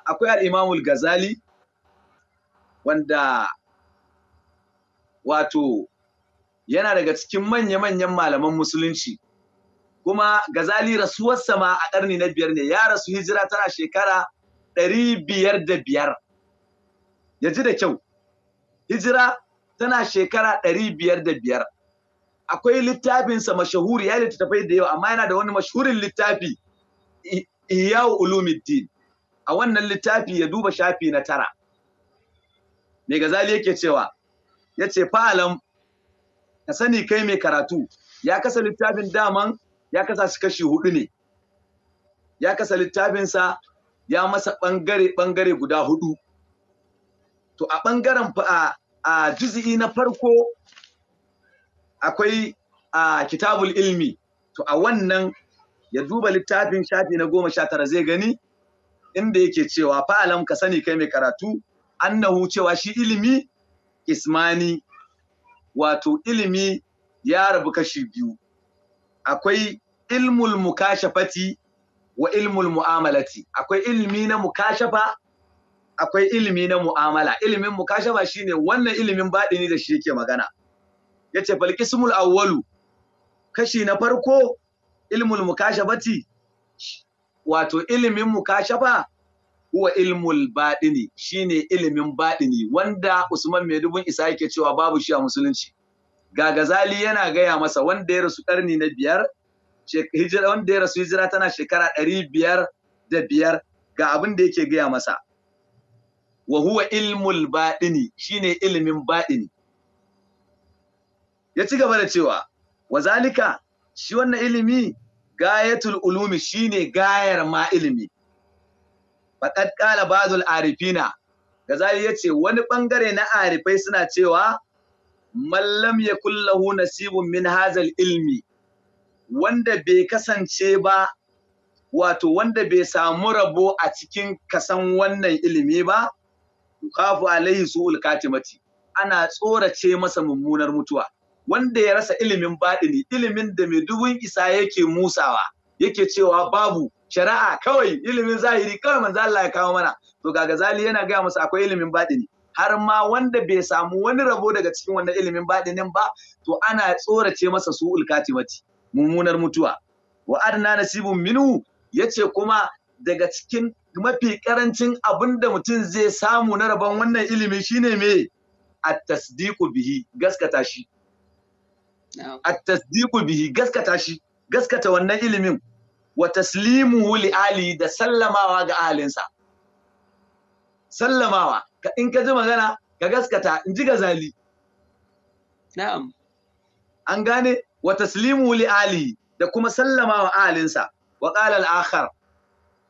akwai al-Imamul gazali wanda wato yana daga cikin manya-manyan malaman musulunci kuma gazali rasuwarsa ma a ƙarni na biyar ne ya rasu hijira tana shekara ɗari biyar da biyar ya ji da kyau hijira tana shekara ɗari biyar da biyar akwai littafinsa mashahuri ya littattafai da yau, amma yana da wani mashahurin littafi iyawu ulumiddin a wannan littafi ya duba shafi na tara mai gazali yake cewa ya ce fa'alam ka sani kai mai karatu ya kasa littafin daman ya kasa shi kashi hudu ne ya kasa littafinsa ya masa ɓangare-ɓangare guda hudu to a ɓangaren a juzi'i na farko akwai a kitabul ilmi to a wannan ya duba littafin shafi na goma sha tara zai gani inda yake cewa fa'alam ka sani kai mai karatu annahu cewa shi ilimi ismani wato ilimi ya rabu kashi biyu akwai ilmul mukashafati wa ilmul mu'amalati akwai ilimi na mukashafa akwai ilimi na mu'amala ilimin mukashafa shine wannan ilimin baɗini da shi yake magana yace fal qismul awwalu kashi na farko ilmul mukashafati wato ilimin mukashafa huwa ilmul baɗini shine ilimin baɗini wanda Usman dubun Isa yake cewa babu shi a musulunci. Ga Gazali yana gaya masa wanda ya rasu ƙarni na biyar, wanda ya rasu hijira tana shekara ɗari biyar da biyar ga abin da yake gaya masa. Wa huwa ilmul baɗini shine ilimin baɗini. Ya ci gaba da cewa, wazalika zalika shi wannan ilimi gayatul ulumi shine gayar ma ilimi. faqad qala ba'dul arifina gazali yace wani ɓangare na arifai suna cewa mallam ya kullahu nasibun min hazal ilmi wanda bai kasance ba wato wanda bai samu rabo a cikin kasan wannan ilimi ba kafu alaihi su'ul katimati ana tsorace masa mummunar mutuwa wanda ya rasa ilimin baɗini ilimin da mai dubun isa yake musawa yake cewa babu shari'a kawai ilimin zahiri kawai manzo Allah ya kawo mana to gaga zali yana gaya musu akwai ilimin baɗini har ma wanda bai samu wani rabo daga cikin wannan ilimin baɗinin ba to ana tsorace masa su ulkatimati mummunar mutuwa wa adna nasibun minhu yace kuma daga cikin mafi karancin abin da mutum zai samu na rabon wannan ilimi shine me at-tasdiqu bihi gaskata shi at-tasdiqu bihi gaskata shi gaskata wannan ilimin wa taslimuhu li ali da sallamawa ga ahalinsa sallamawa ka in ka ji magana ka gaskata in ji gazali na'am an gane wa taslimu li ali da kuma sallamawa wa alinsa wa qala al akhar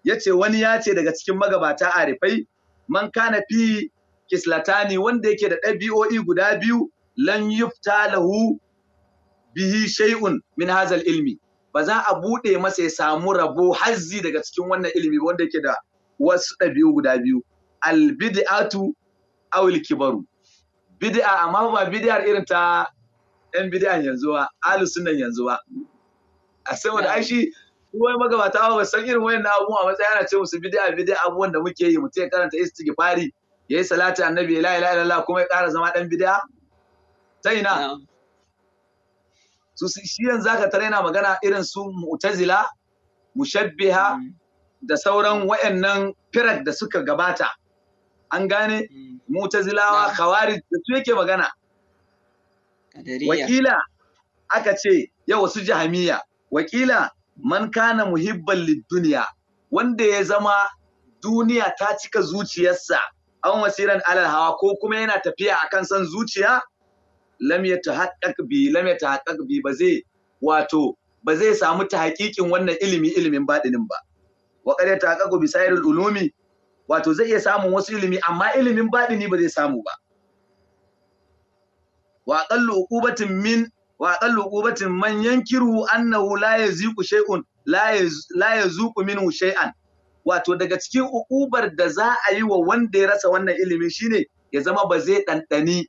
yace wani ya ce daga cikin magabata arifai man kana fi kislatani wanda yake da ɗabi'o'i guda biyu lan yufta lahu bihi shay'un min hazal ilmi ba za a buɗe masa ya samu rabo hazzi daga cikin wannan ilimi wanda yake da wasu ɗabi'u guda biyu albid'atu awil kibaru bid'a amma ba bid'ar irin ta ɗan bid'an yanzu ba ahlus sunan yanzu ba a sai wanda shi wai magabata ba san irin wayannan abubuwa matsayi ana ce musu bid'a bid'a abubuwan da muke yi mutum ya karanta istighfari yayi salati annabi la ilaha illallah kuma ya ƙara zama ɗan bid'a sai na su shi yanzu zaka tare yana magana irin su mu'tazila mushabbiha mm. da sauran wayannan firak da suka gabata an gane mm. mu'tazilawa khawarij da su yake magana wakila aka ce yau wasu jahamiya wakila man kana muhibban lidduniya wanda ya zama duniya ta cika zuciyarsa an wasiran alal hawa ko kuma yana tafiya akan san zuciya lam ya tahaqqaq bi lam ya tahaqqaq bi ba zai wato ba zai samu hakikin wannan ilimi ilimin badinin ba wa qad tahaqqaqu bi sairil ulumi wato zai iya samun wasu ilimi amma ilimin badini ba zai samu ba wa aqallu uqubatin min wa aqallu uqubatin man yankiru annahu la yaziqu shay'un la yazuqu minhu shay'an wato daga cikin uqubar da za a yi wa wanda ya rasa wannan ilimin shine ya zama ba zai ɗanɗani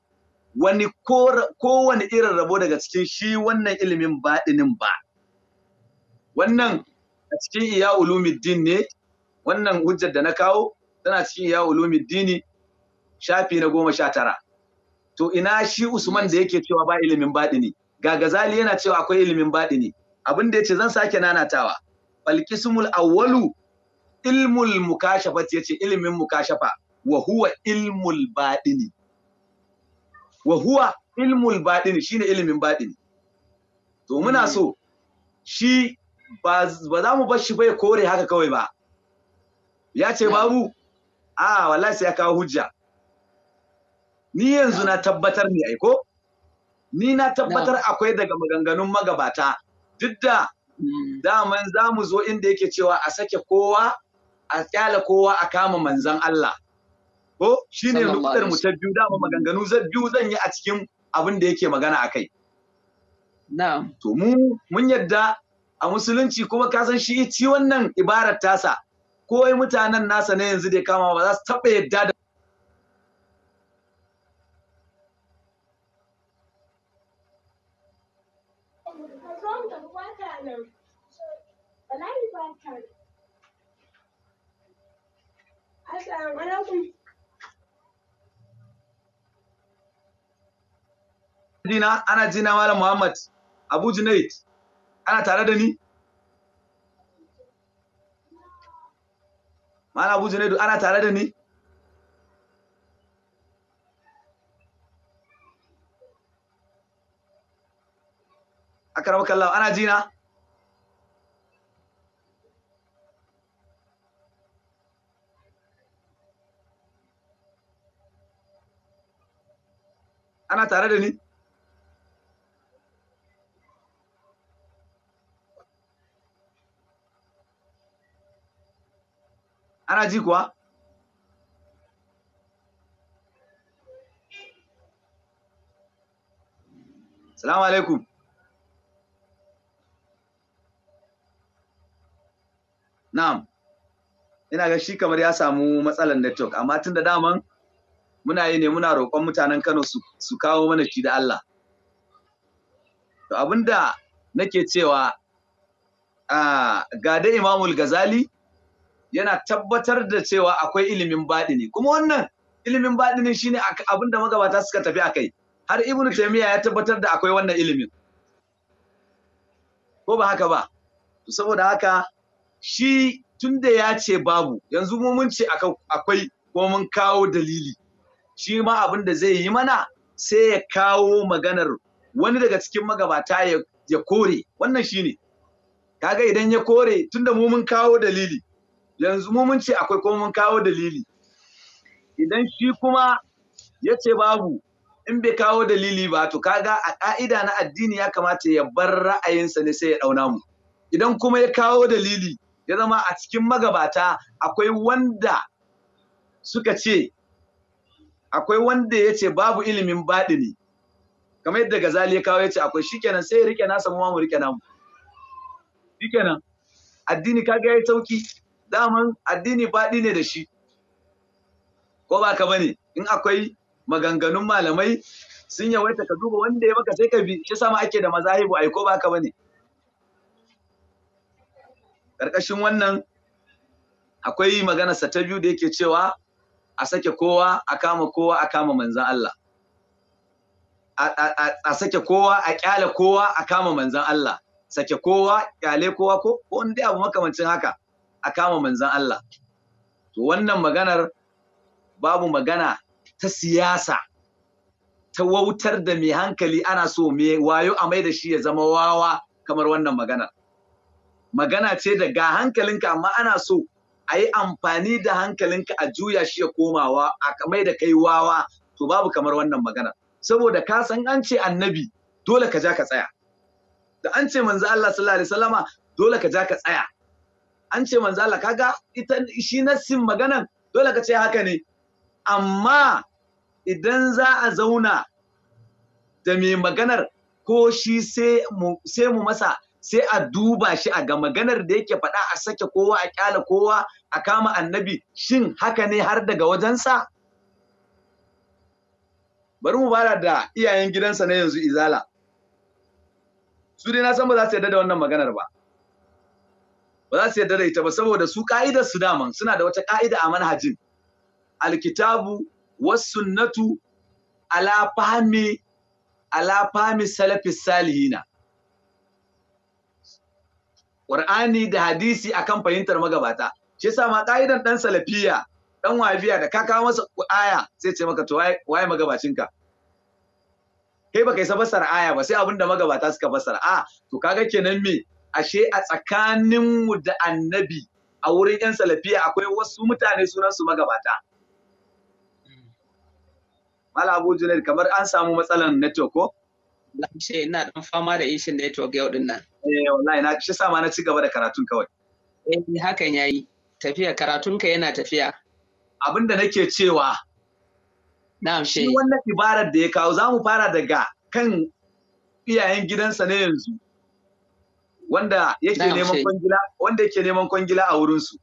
wani kowane irin rabo daga cikin shi wannan ilimin baɗinin ba. Wannan a cikin iya ulumiddin ne, wannan hujjar da na kawo tana cikin iya ulumiddini shafi na goma sha tara. To ina shi Usman da yake cewa ba ilimin baɗini, ga Gazali yana cewa akwai ilimin baɗini, abin da ya ce zan sake nanatawa. Falkismul awwalu ilmul mukashafat ya ce ilimin mukashafa wa huwa ilmul baɗini. wa huwa ilmul baɗini shine ilimin baɗini to muna hmm. so shi ba za mu bar shi bai kore haka kawai ba ya ce babu a wallahi sai ya kawo hujja ni yanzu na tabbatar ne aiko ni na tabbatar akwai daga maganganun magabata duk da hmm. daman za mu zo inda yake cewa a sake kowa a kyala kowa a kama manzan Allah ko shine nuktar mu ta biyu dama maganganu zan biyu zan yi a cikin abin da yake magana a kai na'am to mu mun yadda a musulunci kuma ka san shi ci wannan ibarar tasa ko mutanen nasa ne yanzu da kama ba za su taɓa yadda da Assalamu alaikum. jina ana jina malam Muhammad Abu Junaid ana tare da ni Malam Abu Junaid ana tare da ni Akramaka Allah ana jina ana tare da ni ana ji kuwa salamu alaikum na'am ina ga shi kamar ya samu matsalar network amma tun da daman muna yi ne muna roƙon mutanen Kano su kawo mana shi da Allah to abinda nake cewa ah, ga da Imamul gazali yana tabbatar da cewa akwai ilimin baɗini kuma wannan ilimin baɗini shine abin da magabata suka tafi a kai har ibnu taimiyya ya tabbatar da akwai wannan ilimin ko ba haka ba saboda haka shi tun da ya ce babu yanzu mu mun ce akwai kuma mun kawo dalili shi ma abin da zai yi mana sai ya kawo maganar wani daga cikin magabata ya kore wannan shine kaga idan ya kore tunda mu mun kawo dalili yanzu mu mun ce akwai kuma mun kawo dalili idan shi kuma ya ce babu in bai kawo dalili ba to kaga a ka'ida na addini ya kamata ya bar ra'ayinsa ne sai ya ɗauna mu idan kuma ya kawo dalili ya zama a cikin magabata akwai wanda suka ce akwai wanda ya ce babu ilimin baɗini kamar yadda gazali ya kawo ya ce akwai shikenan sai ya rike nasa mu mu rike namu shikenan addini kaga ya sauki daman addini faɗi ne da shi ko ba ka bane in akwai maganganun malamai sun yawaita ka duba wanda ya maka sai ka bi shi sama ake da mazahibu ai ko ba ka bane karkashin wannan akwai maganarsa ta biyu da yake cewa a sake kowa a kama kowa a kama manzan Allah a sake kowa a kyale kowa a kama manzan Allah sake kowa kyale kowa ko wanda abu makamancin haka a kama manzan Allah to wannan maganar babu magana ta siyasa ta wautar da mai hankali ana so me wayo a mai da shi ya zama wawa kamar wannan maganar magana ce da ga hankalinka amma ana so a yi amfani da hankalinka a juya shi ya komawa a mai da kai wawa to babu kamar wannan magana saboda ka san an ce annabi dole ka ja ka tsaya da an ce manzo Allah sallallahu alaihi wasallama dole ka ja ka tsaya an ce manzo Allah kaga ita shi nassin maganan dole ka ce haka ne amma idan za a zauna da mai maganar ko shi sai mu masa sai a duba shi a ga maganar da yake faɗa a sake kowa a ƙyala kowa a kama annabi shin haka ne har daga wajensa bari mu fara da iyayen gidansa na yanzu izala su dai na san ba za su yarda da wannan maganar ba ba za su yarda da ita ba saboda su ka'idar su daman suna da wata ka'ida a manhajin alkitabu was sunnatu ala fahmi ala fahmi salafis salihina Qur'ani da hadisi akan fahimtar magabata shi yasa ma ka'idan dan salafiya dan wafiya da ka kawo masa aya sai ce maka to waye magabacinka kai baka isa fassara aya ba sai abinda magabata suka fassara a to kaga kenan me ashe a tsakaninmu da annabi a wurin 'yan salafiya akwai wasu mutane sunansu magabata. Mala Abu Junaid kamar an samu matsalan network ko? Na ce ina dan fama da ishin network yau din nan. Eh wallahi na shi sama na ci gaba da karatun kawai. Eh hakan yayi. Tafiya karatun ka yana tafiya. Abin da nake cewa Na'am shi. Wannan ibarar da ya kawo za mu fara daga kan iyayen gidansa ne yanzu. wanda yake neman kwangila wanda yake neman kwangila a wurin su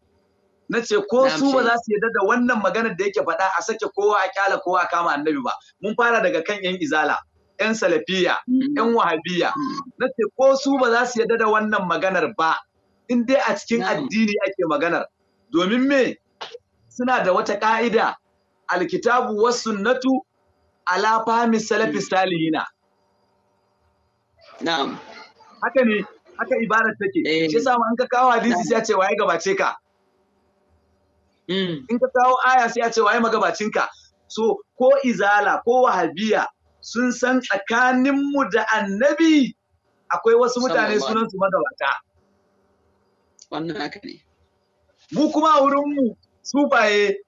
na ce ko su ba za su yarda da wannan maganar da yake faɗa a sake kowa a kyala kowa a kama annabi ba mun fara daga kan yan izala yan salafiya yan mm. wahabiya mm. na ce ko su ba za su yarda da wannan maganar ba in dai a cikin addini ake maganar domin me suna da wata ka'ida alkitabu wasu sunnatu ala fahmi salafi salihina na'am haka ne haka ibarar take eh. shi yasa an ka kawo hadisi sai a ce waye gabace ka hmm. in ka kawo aya sai a ce waye magabacin ka so ko izala ko wahabiya sun san tsakaninmu da annabi akwai wasu mutane sunansu magabata wannan haka ne mu kuma a wurinmu baye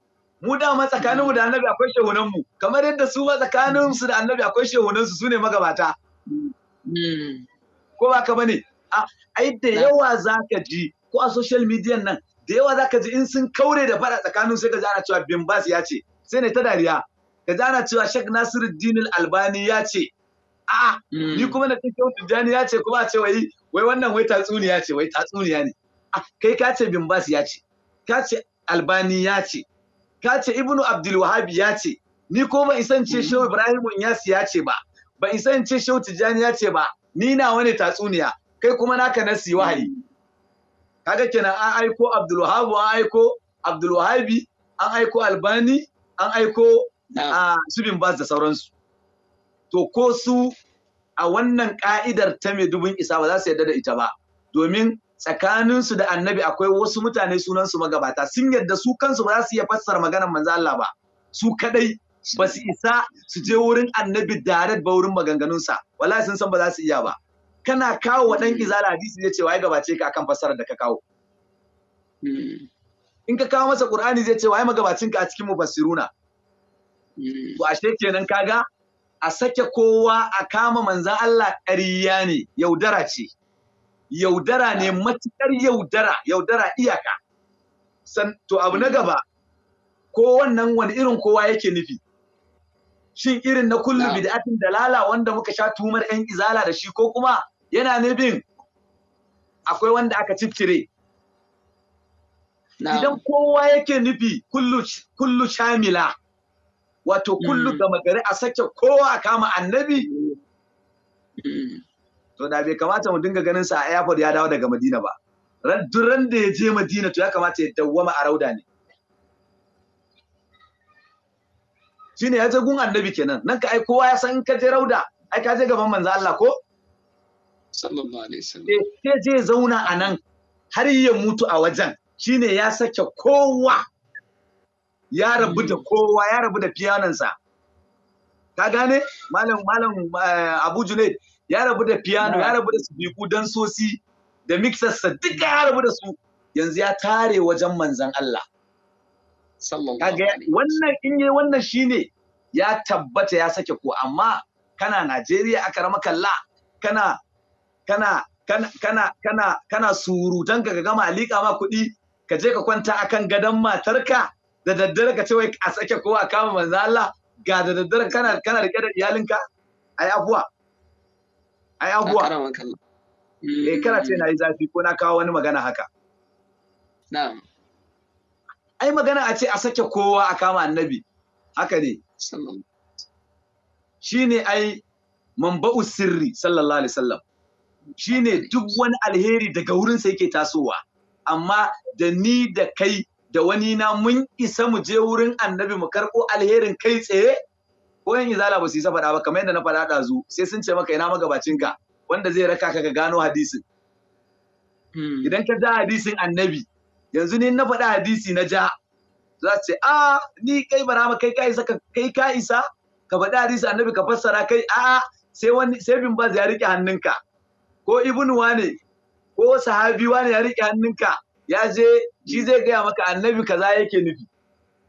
mu dama tsakaninmu da annabi akwai mu kamar yadda su ma tsakaninsu da annabi akwai shehunan su ne magabata hmm. ko ba ka bane ai da yawa za ka ji ko a social media nan da yawa za ka ji in sun kaure da fada tsakanin sai ka ji ana cewa Bimbas ya ce sai ne ta dariya ka ji ana cewa Sheikh Nasiruddin Albani ya ce a mm. ni kuma na kake jani ya ce kuma a ce wai wai wannan wai tatsuniya ce wai tatsuniya ne kai ka ce Bimbas ya ce ka ce Albani ya ce ka ce Ibnu Abdul Wahhab ya ce ni ko ban isan ce Shehu Ibrahim ya ce ba ban isan ce Shehu Tijjani ya ce ba ni na wani tatsuniya kai kuma naka nasi wahayi kaga kenan an aiko Abdul Wahab an aiko Abdul an aiko Albani an aiko a ah, Subin Bas da sauransu to ko su a wannan ka'idar ta mai dubin isa ba za su yarda da ita ba domin tsakaninsu da annabi akwai wasu mutane sunansu magabata sun yarda su kansu ba za su iya fassara maganar manzo Allah ba su kadai ba su isa su je wurin annabi direct ba wurin maganganunsa wallahi sun san ba za su iya ba kana kawo wa ɗan hmm. izala hadisi zai ce wai gabace ka akan fassarar da ka kawo hmm. in ka kawo masa qur'ani zai ce wai magabacin ka a cikin mufassiruna hmm. to ashe kenan kaga a sake kowa a kama manzan Allah ƙariya ne yaudara ce yaudara ne matuƙar yaudara yaudara iyaka san to abu na gaba ko wannan wani irin kowa yake nufi shin irin na kullu bid'atin dalala wanda muka sha tumar yan izala da shi ko kuma yana nufin akwai wanda aka ciccire idan kowa yake nufi kullu shamila wato kullu mm. gama gari a sake kowa kama annabi mm. to da bai kamata mu dinga ganin sa a airport ya dawo daga madina ba ran da ya je madina to ya kamata ya dawwama a rauda ne shine ya je gun annabi kenan nan ka ai kowa ya san ka je rauda ai ka je gaban manzo Allah ko sallallahu alaihi eh, sai zai zauna a nan har ya mutu a wajen shine ya sake kowa ya rabu da hmm. kowa ya rabu da piyanonsa ka gane malam malam eh, Abu Junaid ya rabu da piano ya rabu da sibiku dan sosi da mixersa duka ya rabu da su yanzu ya tare wajen manzan Allah kaga wannan in yi wannan shine ya tabbata ya sake ko amma kana Najeriya aka rama kalla kana kana kana kana kana kana surutan ka gama alika ma kuɗi ka je ka kwanta akan gadon matarka da daddare ka ce wai a sake kowa a kama manzo Allah ga da daddare kana kana rike da iyalinka ai abuwa ai abuwa eh kana ce na yi zafi ko na kawo wani magana haka na'am ai magana a ce a sake kowa a kama annabi haka ne shine ai manba'u sirri sallallahu alaihi wasallam shine duk wani alheri daga wurin sa yake tasowa amma da ni da kai da wani na mun isa mu je wurin annabi mu karbo alherin kai tsaye ko yan izala ba su isa faɗa ba kamar yadda na faɗa ɗazu sai sun ce maka ina ka, wanda zai raka ka gano hadisin hmm. idan ka ja hadisin annabi yanzu ni na faɗa hadisi na ja za su ce a ah, ni kai ma kai ka isa kai ka isa ka faɗi hadisi annabi ka fassara kai a sai wani sai bin ba ya rike hannunka ko ibn wane ko sahabi wane ya rike hannunka ya je shi zai gaya maka annabi kaza yake nufi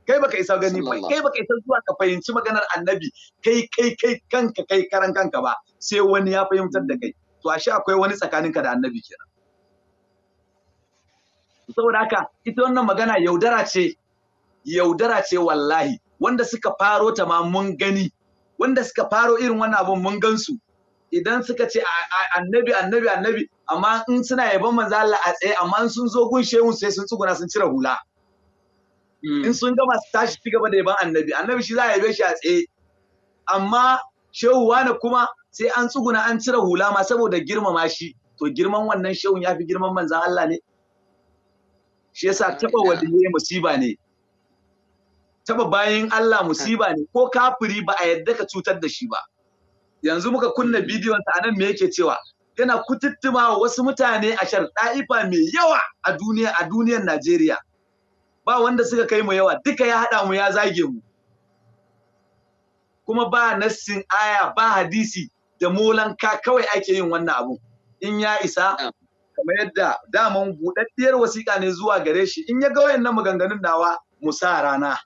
kai baka isa gani ba kai baka isa zuwa ka fahimci maganar annabi kai kai kai kanka kai karan kanka ba sai wani ya fahimtar da kai to ashe akwai wani tsakaninka da annabi kenan saboda haka ita wannan magana yaudara ce yaudara ce wallahi wanda suka faro ta ma mun gani wanda suka faro irin wannan abun mun gansu idan suka ce annabi annabi annabi amma in suna yabon manzo Allah a tsaye amma in sun zo gun shehun sai sun tsuguna sun cire hula hmm. in sun gama su tashi ci gaba da yaban annabi annabi shi za a yabe shi a tsaye amma shehu wani kuma sai an tsuguna an cire hula ma saboda girmama shi to girman wannan shehun ya fi girman manzan Allah ne shi yasa taba hmm, waliyai musiba ne taba bayin Allah hmm. musiba ne ko kafiri ba a yadda ka cutar da shi ba yanzu muka kunna bidiyon sa anan me yake cewa yana kututtuma wasu mutane a sharɗa'ifa mai yawa a duniya a duniyar Najeriya ba wanda suka kai mu yawa duka ya haɗa mu ya zage mu kuma ba nassin aya ba hadisi da ka kawai ake yin wannan abu in ya isa kamar yadda daman buɗaɗɗiyar wasiƙa ne zuwa gare shi in ya ga wayannan maganganun nawa mu rana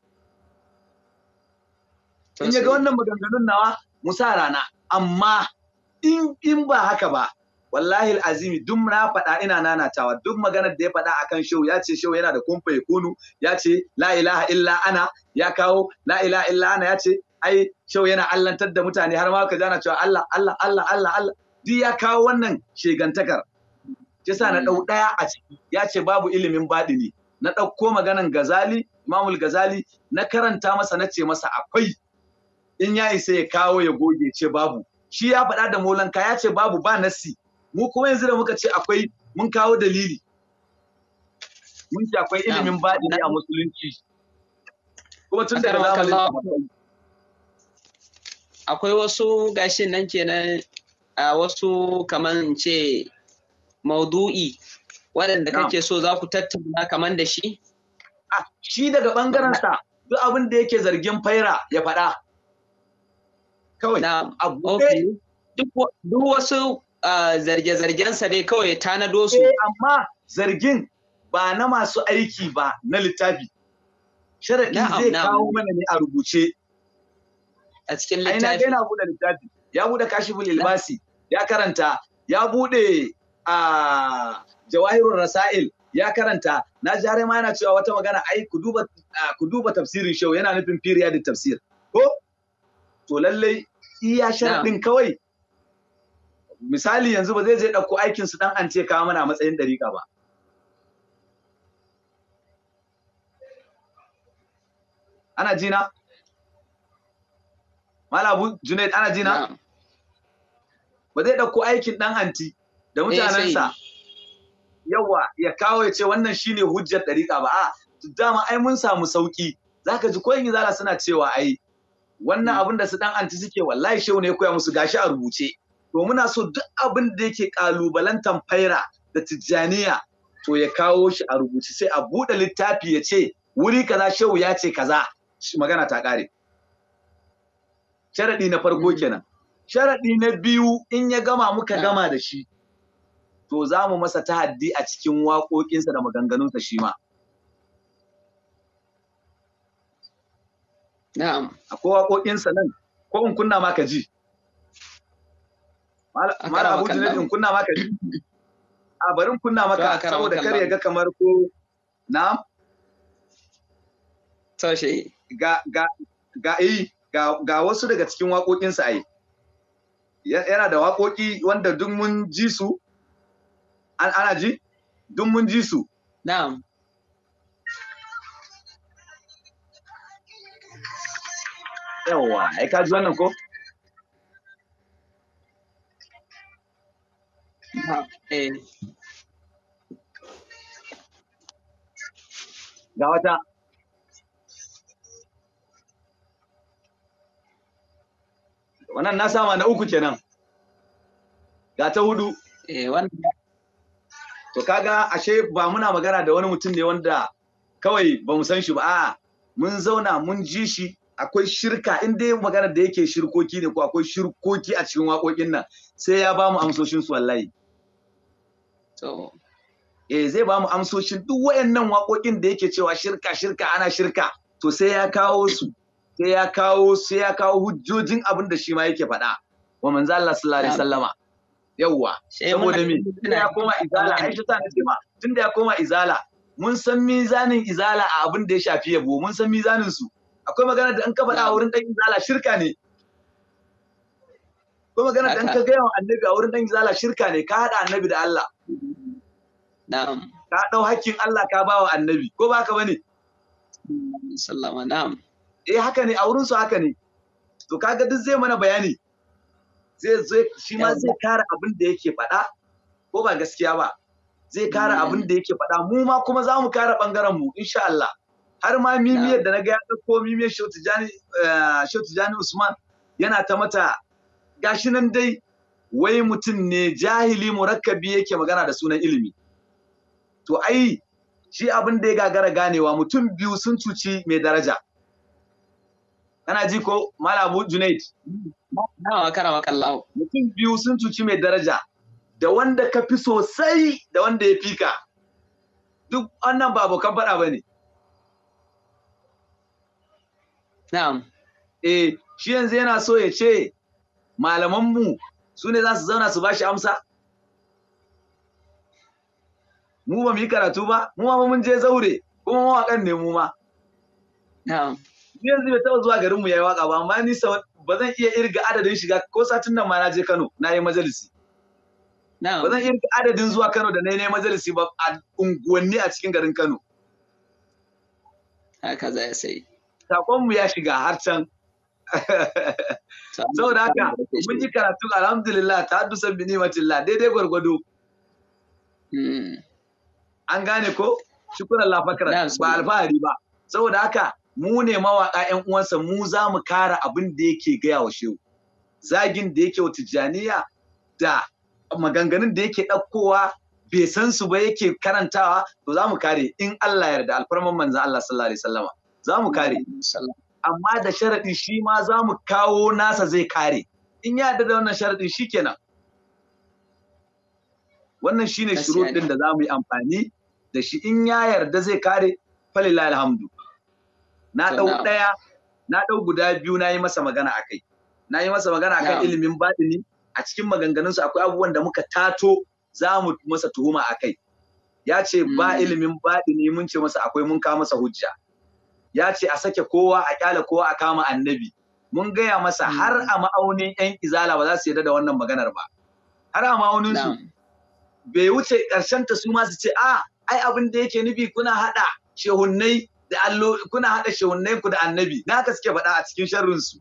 in ya ga wannan maganganun nawa mu sa rana amma in ba haka ba wallahi azimi duk na faɗa ina nanatawa duk maganar da ya faɗa akan show ya ce show yana da kumfa ya kunu ya ce la ilaha illa ana ya kawo la ilaha illa ana ya ce ai show yana allantar da mutane har ma ka jana cewa Allah Allah Allah Allah Allah duk ya kawo wannan shegantakar yasa na ɗau daya a ciki ya ce babu ilimin badini na ɗauko maganan gazali imamul gazali na karanta masa na ce masa akwai in ya isa ya kawo ya goge ce babu shi ya faɗa da molanka ya ce babu ba nasi mu kuma yanzu da muka ce akwai mun kawo dalili mun ce akwai ilimin baɗi ne a musulunci kuma tun da akwai wasu gashi nan kenan a wasu in ce maudu'i waɗanda kake so za ku tattauna kamar da shi? Ah, shi daga ɓangarensa duk abin da yake zargin faira ya faɗa. kawai na abu eh. duk wasu zarge-zargensa dai kawai tanado su eh, amma zargin ba na masu aiki ba na littafi sharaɗi zai kawo mana ne a rubuce a cikin littafi aina yana buɗe littafi ya buɗe kashifin ilbasi ya karanta ya buɗe a jawahirun rasail ya karanta na jare ma yana cewa wata magana ai ku duba tafsirin shau yana nufin da tafsir ko to lallai iya sharaɗin kawai misali yanzu ba zai je ɗauko aikin su ɗan an ce kawo mana matsayin ɗariƙa ba ana jina malabu junaid ana jina ba zai ɗauko aikin ɗan anti da eh, mutanensa yawa ya kawo ya ce wannan shine hujjar ɗariƙa ba a dama ai mun samu sauƙi zaka ji ko yin zala suna cewa ai wannan hmm. abin da su dan anti suke wallahi shehu ne koya musu gashi a rubuce to muna so duk abin da yake kalubalantan faira da tijjaniya to ya kawo shi a rubuce sai a buɗe littafi ya ce wuri kaza shehu ya ce kaza magana ta kare sharaɗi na farko hmm. kenan sharaɗi na biyu in ya gama muka hmm. gama da shi to za mu masa tahaddi a cikin waƙoƙinsa da maganganunsa shi ma Na'am. Akwai waƙoƙinsa nan ko in kunna ma ka ji. Mala Abu Junaid in kunna ma ka ji. A bari in kunna maka saboda kar ya ga kamar ko na'am. Sashe. Ga ga ga eh ga ga wasu daga cikin waƙoƙinsa ai. Yana da waƙoƙi wanda duk mun ji su. ana ji? Duk mun ji su. Na'am. yawa ai ka ji wannan ko eh. ga wata wannan na sama na uku kenan ga ta hudu eh wannan to kaga ashe ba muna magana da wani mutum ne wanda kawai ba mu san shi ba a'a mun zauna mun ji shi akwai shirka in dai magana da yake shirkoki ne ko akwai shirkoki a cikin waƙoƙin nan sai ya ba mu amsoshin su wallahi to eh zai ba mu amsoshin duk wayannan waƙoƙin da yake cewa shirka shirka ana shirka to sai ya kawo su sai ya kawo sai ya kawo hujjojin abin da shi ma yake faɗa wa manzo Allah sallallahu alaihi wasallama yawwa saboda me tunda ya koma izala ai shi ta nace ma tunda ya koma izala mun san mizanin izala a abin da ya shafi yabo mun san mizanin su akwai magana da an ka faɗa a wurin ɗan izala shirka ne akwai magana da an ka gaya wa annabi a wurin ɗan izala shirka ne ka haɗa annabi da Allah ka ɗau hakkin Allah ka ba wa annabi ko ba ka bane sallama na'am eh haka ne a wurin su haka ne to kaga duk zai mana bayani zai zo shi ma zai kare abin da yake faɗa ko ba gaskiya ba zai kare abin da yake faɗa mu ma kuma za mu kare ɓangaren mu insha Allah har ma mimiyar da na ga ya ɗauko mimiyar Shautu Jani eh, Usman yana ta mata gashi nan dai wai mutum ne jahili murakkabi yake magana da sunan ilimi. To ai shi abin da ya gagara ganewa mutum biyu sun cuci mai daraja. Kana ji ko Malabu Junaid? Mutum biyu sun cuci mai daraja da wanda ka fi sosai da wanda ya fika. Duk wannan ba kan faɗa ba ne. Na'am. Eh, shi yanzu yana so ya ce malamanmu su ne za su zauna su ba shi amsa? Mu ba mu yi karatu ba, mu ma mun je zaure, kuma mawaƙan ne mu ma. Na'am. Yanzu bai taɓa zuwa garinmu ya yi waƙa ba, amma ni ba zan iya irga adadin shiga ko satin nan ma na je Kano na yi majalisi. Ba zan irga adadin zuwa Kano da na yi majalisi ba a unguwanni a cikin garin Kano. Haka za ya sai. sakonmu ya shiga har can saboda haka mun ji karatu alhamdulillah ta haddusan bi nimatillah daidai gwargwado hmm. an gane ko shukuran lafakar ba alfahari ba saboda haka mu ne mawaƙa ƴan uwansa mu za mu kara abin da yake gaya wa shehu zagin da yake wa tijjaniya da maganganun da yake ɗaukowa bai san su ba yake karantawa to za mu kare in Allah yarda alfarman manzan Allah sallallahu alaihi wasallama za mu kare amma da sharaɗi shi ma za mu kawo nasa zai kare in ya da wannan sharaɗin shi kenan wannan shi ne shuruɗin da za mu yi amfani da shi in ya yarda zai kare falila alhamdu na ɗau ɗaya na ɗau guda biyu na yi masa magana a kai na yi masa magana a kan ilimin baɗini a cikin maganganunsu akwai abubuwan da muka tato za mu masa tuhuma a kai ya ce ba mm. ilimin baɗini mun ce masa akwai mun kawo masa hujja ya ce a sake kowa a kyale kowa a kama annabi mun gaya masa hmm. har a ma'aunin yan izala ba za su yarda da wannan maganar ba har a ma'aunin su bai wuce karshen ta su ma su ce a ah, ai abin da yake nufi kuna hada shehunnai da allo kuna hada shehunnai ku da annabi na haka suke faɗa a cikin sharrin su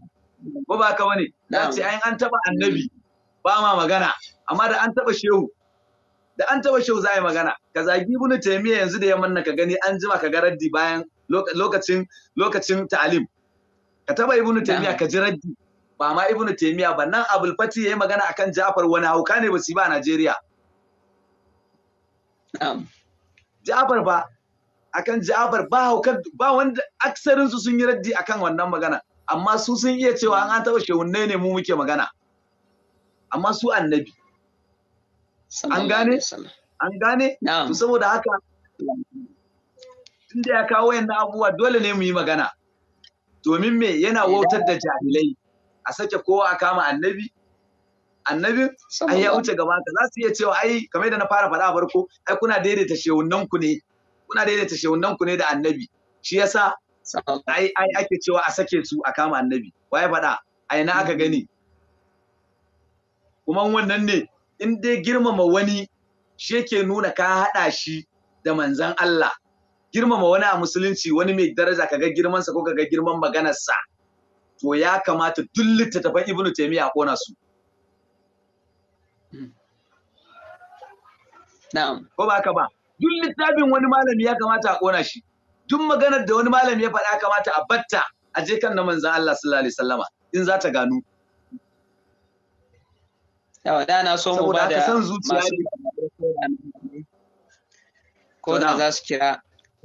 ba ba ka bane ya ce ai an taba annabi ba ma magana amma da an taba shehu da an taba shehu za a yi magana ka zagi ibnu taymiya yanzu da yamman ka gani an jima ka ga raddi bayan lokacin lokacin ta'alim ka taba ibnu taymiya ka ji raddi ba ma ibnu taymiya ba nan abul fati yayi magana akan ja'far wani hauka ne ba su ba a Najeriya ja'far ba akan ja'far ba hauka ba wanda aksarin su sun yi raddi akan wannan magana amma su sun iya cewa an taba shehunne ne mu muke magana amma su annabi an gane an gane to saboda haka inda ya kawo wayannan abubuwa dole ne mu yi magana domin me yana wautar da jahilai a sake kowa a kama annabi Annabi, an ya wuce gaba ka za su iya cewa ai kamar da na fara faɗa a farko ai kuna daidaita shehunan ku ne kuna daidaita shehunan ku ne da annabi shi yasa ai ai ake cewa a sake su a kama annabi waye faɗa a ina aka gani kuma wannan ne in dai girmama wani shi yake nuna ka haɗa shi da manzan Allah girmama wani a musulunci wani mai daraja ka ga girmansa ko ka ga girman maganarsa to ya kamata duk littattafan ibnu taymiya a kona su hmm. na'am ko ba ka ba duk littafin wani malami ya kamata a kona shi duk maganar da wani malami ya faɗa kamata a batta a je kan na manzan Allah sallallahu alaihi wasallama in za ta gano yawa da na so mu ba da ko da za su kira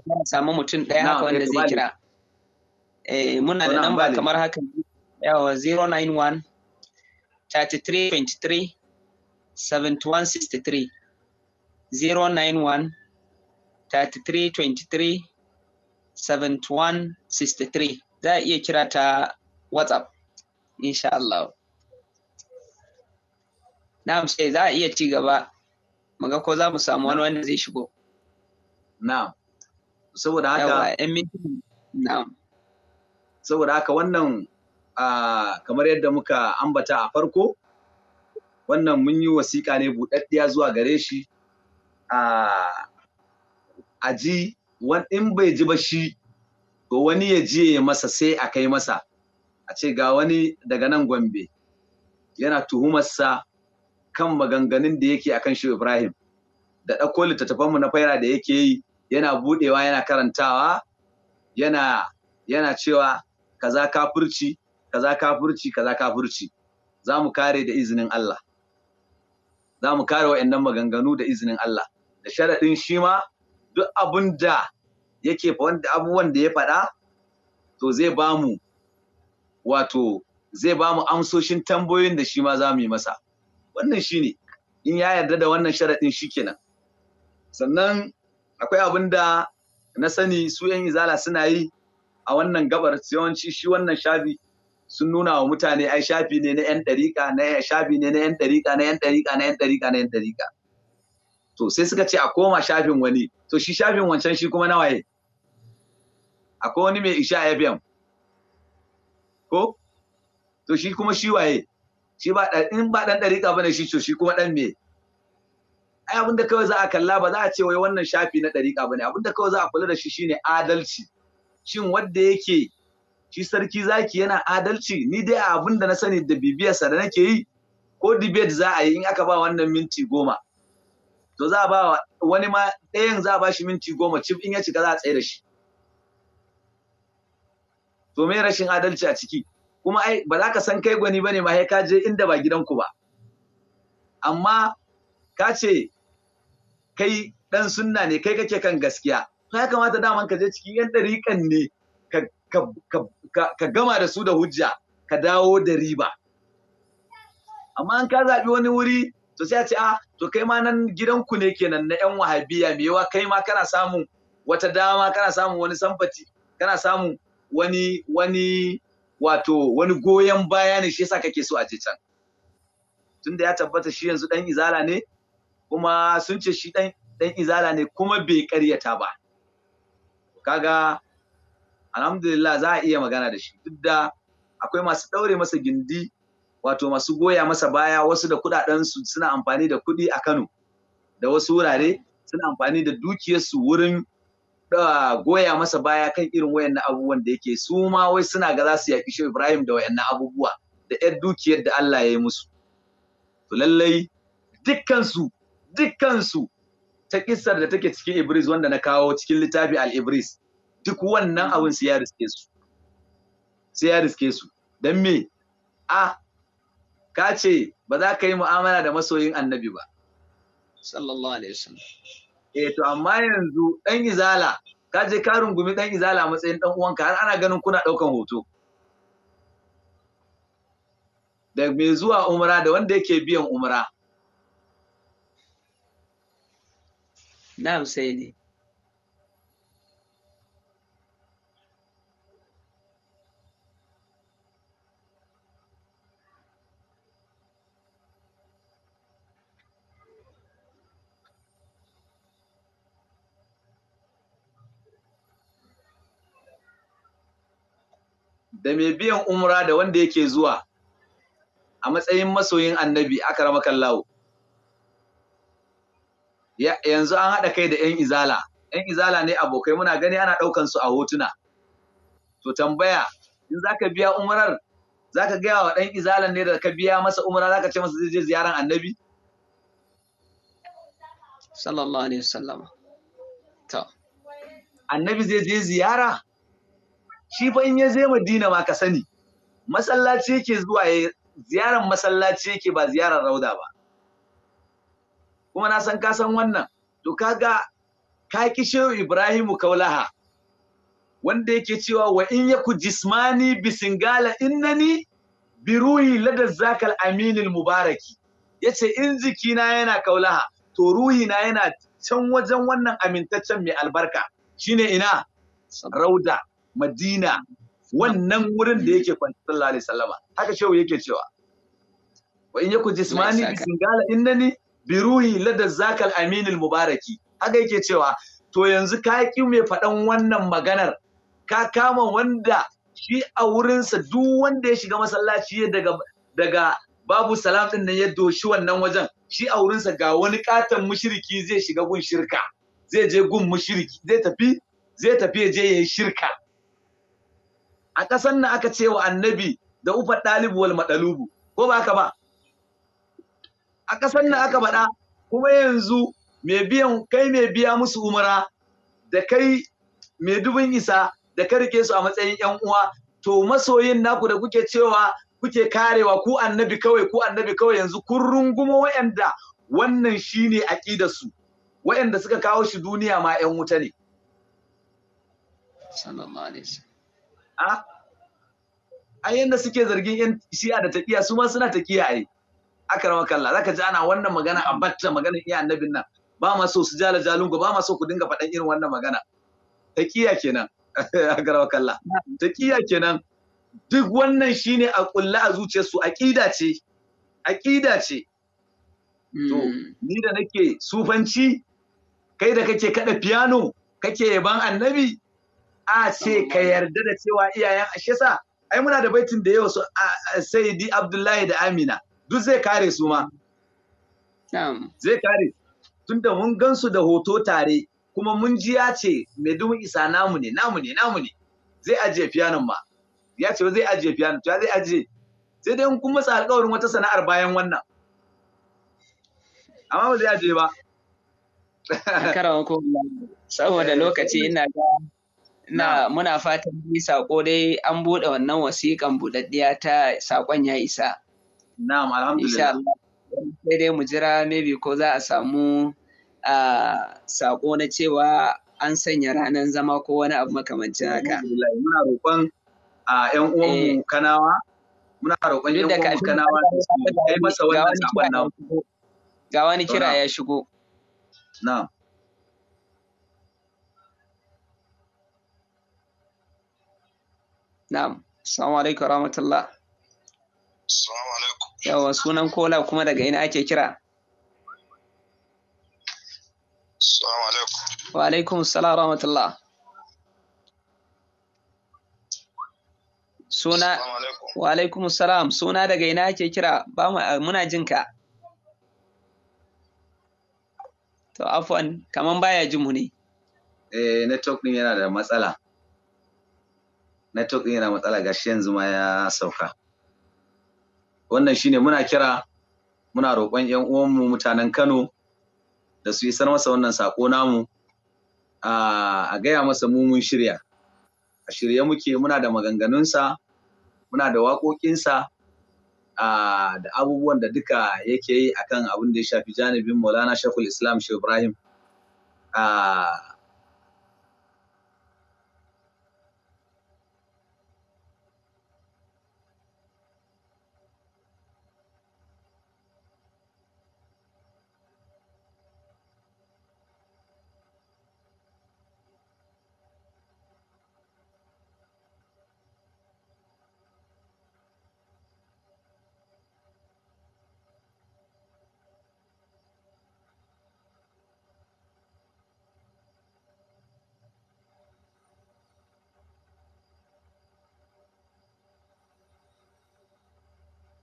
a samu mutum ɗaya haka wanda eh, zai kira eh, muna da namba kamar haka yawa 091 3323 7163 091 3323 7163 za a iya kira ta whatsapp insha Allah na'am sai za a iya ci gaba ga ko za mu samu wani wanda zai shigo na'am saboda haka saboda haka wannan kamar yadda muka ambata a farko wannan mun yi wasiƙa ne buɗaɗɗiya zuwa gare shi a ji in bai ji ba shi to wani ya je masa sai a kai masa a ce ga wani daga nan gombe yana tuhumarsa kan maganganun da yake akan shi ibrahim da ɗauko littattafanmu na faira da yake yi yana budewa yana karantawa yana yana cewa kaza kafirci kaza kafirci kaza kafirci za mu kare da izinin Allah za mu kare wa'annan maganganu da izinin Allah da sharaɗin shi ma duk abun da yake wanda abubuwan da ya faɗa to zai ba mu wato zai ba mu amsoshin tambayoyin da shi ma za yi masa wannan shi ne in ya yarda da wannan sharaɗin shi kenan sannan akwai abin da na sani su yan izala suna yi a wannan gabar yawanci shi wannan shafi sun nuna wa mutane ai shafi ne na yan ɗariƙa na shafi ne na yan ɗariƙa na yan ɗariƙa na yan ɗariƙa na yan ɗariƙa to sai suka ce a koma shafin wani to shi shafin wancan shi kuma nawaye akwai wani mai isha fm ko to shi kuma shi waye shi ba in ba dan ɗariƙa bane shi to shi kuma dan me ai abin da kawai za a kalla ba za a ce wai wannan shafi na ɗariƙa ba ne abin da kawai za a kula da shi shine adalci shin wanda yake shi sarki zaki yana adalci ni dai a abin da na sani da bibiyarsa da nake yi ko debate za a yi in aka ba wannan minti goma to za a ba wani ma ɗayan za a ba shi minti goma cif in ya cika za a tsaye da shi to me rashin adalci a ciki kuma ai ba za ka san kai gwani bane ma sai ka je inda ba gidanku ba amma ka ce kai ɗan sunna ne kai kake kan gaskiya to ya kamata daman ka je cikin yan dariƙan ne ka gama da su da hujja ka dawo da riba amma an ka zaɓi wani wuri to sai a ce a ah, to kai ma nan ku ne kenan na yan wahabiya me yawa kai ma kana samun wata dama kana samun wani sanfati kana samun wani wani wato wani goyon baya ne shi yasa kake so a je can tunda ya tabbata shi yanzu dan izala ne kuma sun ce shi dan izala ne kuma bai karyata ba kaga alhamdulillah za a iya magana da shi duk da akwai masu daure masa gindi wato masu goya masa baya wasu da kudadensu suna amfani da kuɗi a Kano da wasu wurare suna amfani da dukiyarsu wurin goya masa baya kan irin wayannan abubuwan da yake su ma wai suna ga za su yaƙi shi Ibrahim da wayannan abubuwa da 'yar dukiyar da Allah ya yi musu to lallai dukkansu dukkansu ta kissar da take cikin Ibris wanda na kawo cikin littafi al-Ibris duk wannan mm. abin su ya riske su Su ya riske su don me a ka ce ba za ka yi mu'amala da masoyin annabi ba sallallahu alaihi wasallam eh to amma yanzu dan izala ka je ka rungumi dan izala matsayin ɗan uwanka har ana ganin kuna daukan hoto da mai zuwa umra da wanda yake biyan umra Na'am sai da mai biyan umra da wanda yake zuwa a matsayin masoyin annabi aka rama kallawo. yanzu an haɗa kai da 'yan izala ‘yan izala ne abokai muna gani ana ɗaukan su a hotuna. To tambaya, in za ka biya umarar, za ka gaya wa ɗan izalan ne da ka biya masa umara za ka ce masa zai je ziyaran annabi? Sallallahu Alaihi Wasallama. To. Annabi zai je ziyara? Shi fa in ya je Madina ma ka sani, masallaci yake zuwa eh, ziyaran masallaci yake ba ziyaran rauda ba. kuma na san ka san wannan to kaga ka ki shehu ibrahimu kaulaha wanda yake cewa wa in yaku jismani bisingala innani biruhi Ladas zakal aminil mubaraki yace in jikina yana kaulaha to ruhina yana can wajen wannan amintaccen mai albarka shine ina rauda madina wannan wurin da yake kwanci sallallahu alaihi haka shehu yake cewa wa in yaku jismani bisingala innani biruhi ladar zakal aminul mubaraki haka yake cewa to yanzu ka ƙi mai faɗan wannan maganar ka kama wanda shi a wurinsa duk wanda ya shiga masallaci daga daga babu salam din nan ya doshi wannan wajen shi a wurinsa ga wani katon mushiriki zai shiga gun shirka zai je gun mushiriki zai tafi zai tafi ya je yayi shirka a ƙasar nan aka ce wa annabi da ufa ɗalibu wal maɗalubu ko ba haka ba a ƙasar nan aka faɗa kuma yanzu mai biyan kai mai biya musu umara da kai mai dubin isa da ka rike su a matsayin yan uwa to masoyin naku da kuke cewa kuke karewa ku annabi kawai ku annabi kawai yanzu kun rungumo wa'anda wannan shine aqidar su wa'anda suka kawo shi duniya ma yan wuta ne sallallahu alaihi wasallam a ayyanda suke zargin yan shi'a da taqiya su ma suna taqiya ai akrama kalla zaka ji ana wannan magana a batta magana iya annabin nan ba ma so su jala jalungo ba ma so ku dinga faɗan irin wannan magana taqiya kenan kalla kallah taqiya kenan duk wannan shine a kulla a zuciyarsu aqida ce aqida ce to hmm. ni da nake sufanci kai da kake kada piano kake yaban annabi a ce ka hmm. yarda da cewa iyayen ashesa ai muna da baitin da yau sai di abdullahi da amina duk zai kare su ma zai kare tunda mun gan su da hoto tare kuma mun ji ya ce mai dumin isa namu ne namu ne namu ne zai ajiye fiyanin ma ya ce zai ajiye piyanon ya zai ajiye sai dai kun sa alƙawarin wata sana'ar bayan wannan amma ba zai ajiye ba karawa ko saboda lokaci ina ga na muna fatan yi saƙo dai an buɗe wannan wasiƙan buɗaɗɗiya ta sakon ya isa Na'am, alhamdulillah. Sai dai mu jira maybe ko za a samu sako na cewa an sanya ranar zama ko wani abu makamancin haka. Muna roƙon ƴan uwanmu eh. kanawa muna roƙon ƴan uwanmu kanawa da kai masa wannan sakon nan. Ga wani kira ya shigo. Na'am. Na'am. Assalamu alaikum warahmatullah. Assalamu alaikum. Yawa sunan kola kuma daga ina ake kira? Assalamu alaikum. Wa alaikum salam rahmatullah. Suna Wa alaikum salam Suna daga ina ake kira? Ba muna jinka. To afwan kaman baya jin mu ne. Eh network din yana da matsala. Network din yana matsala gashi yanzu ma ya sauka. wannan shine muna kira muna roƙon 'yan uwanmu mutanen kano da su isar masa wannan saƙo namu a gaya masa mumun shirya a shirye muke muna da maganganunsa muna da waƙoƙinsa da abubuwan da duka yake yi akan abin da ya shafi janibin maulana shekul islam shi ibrahim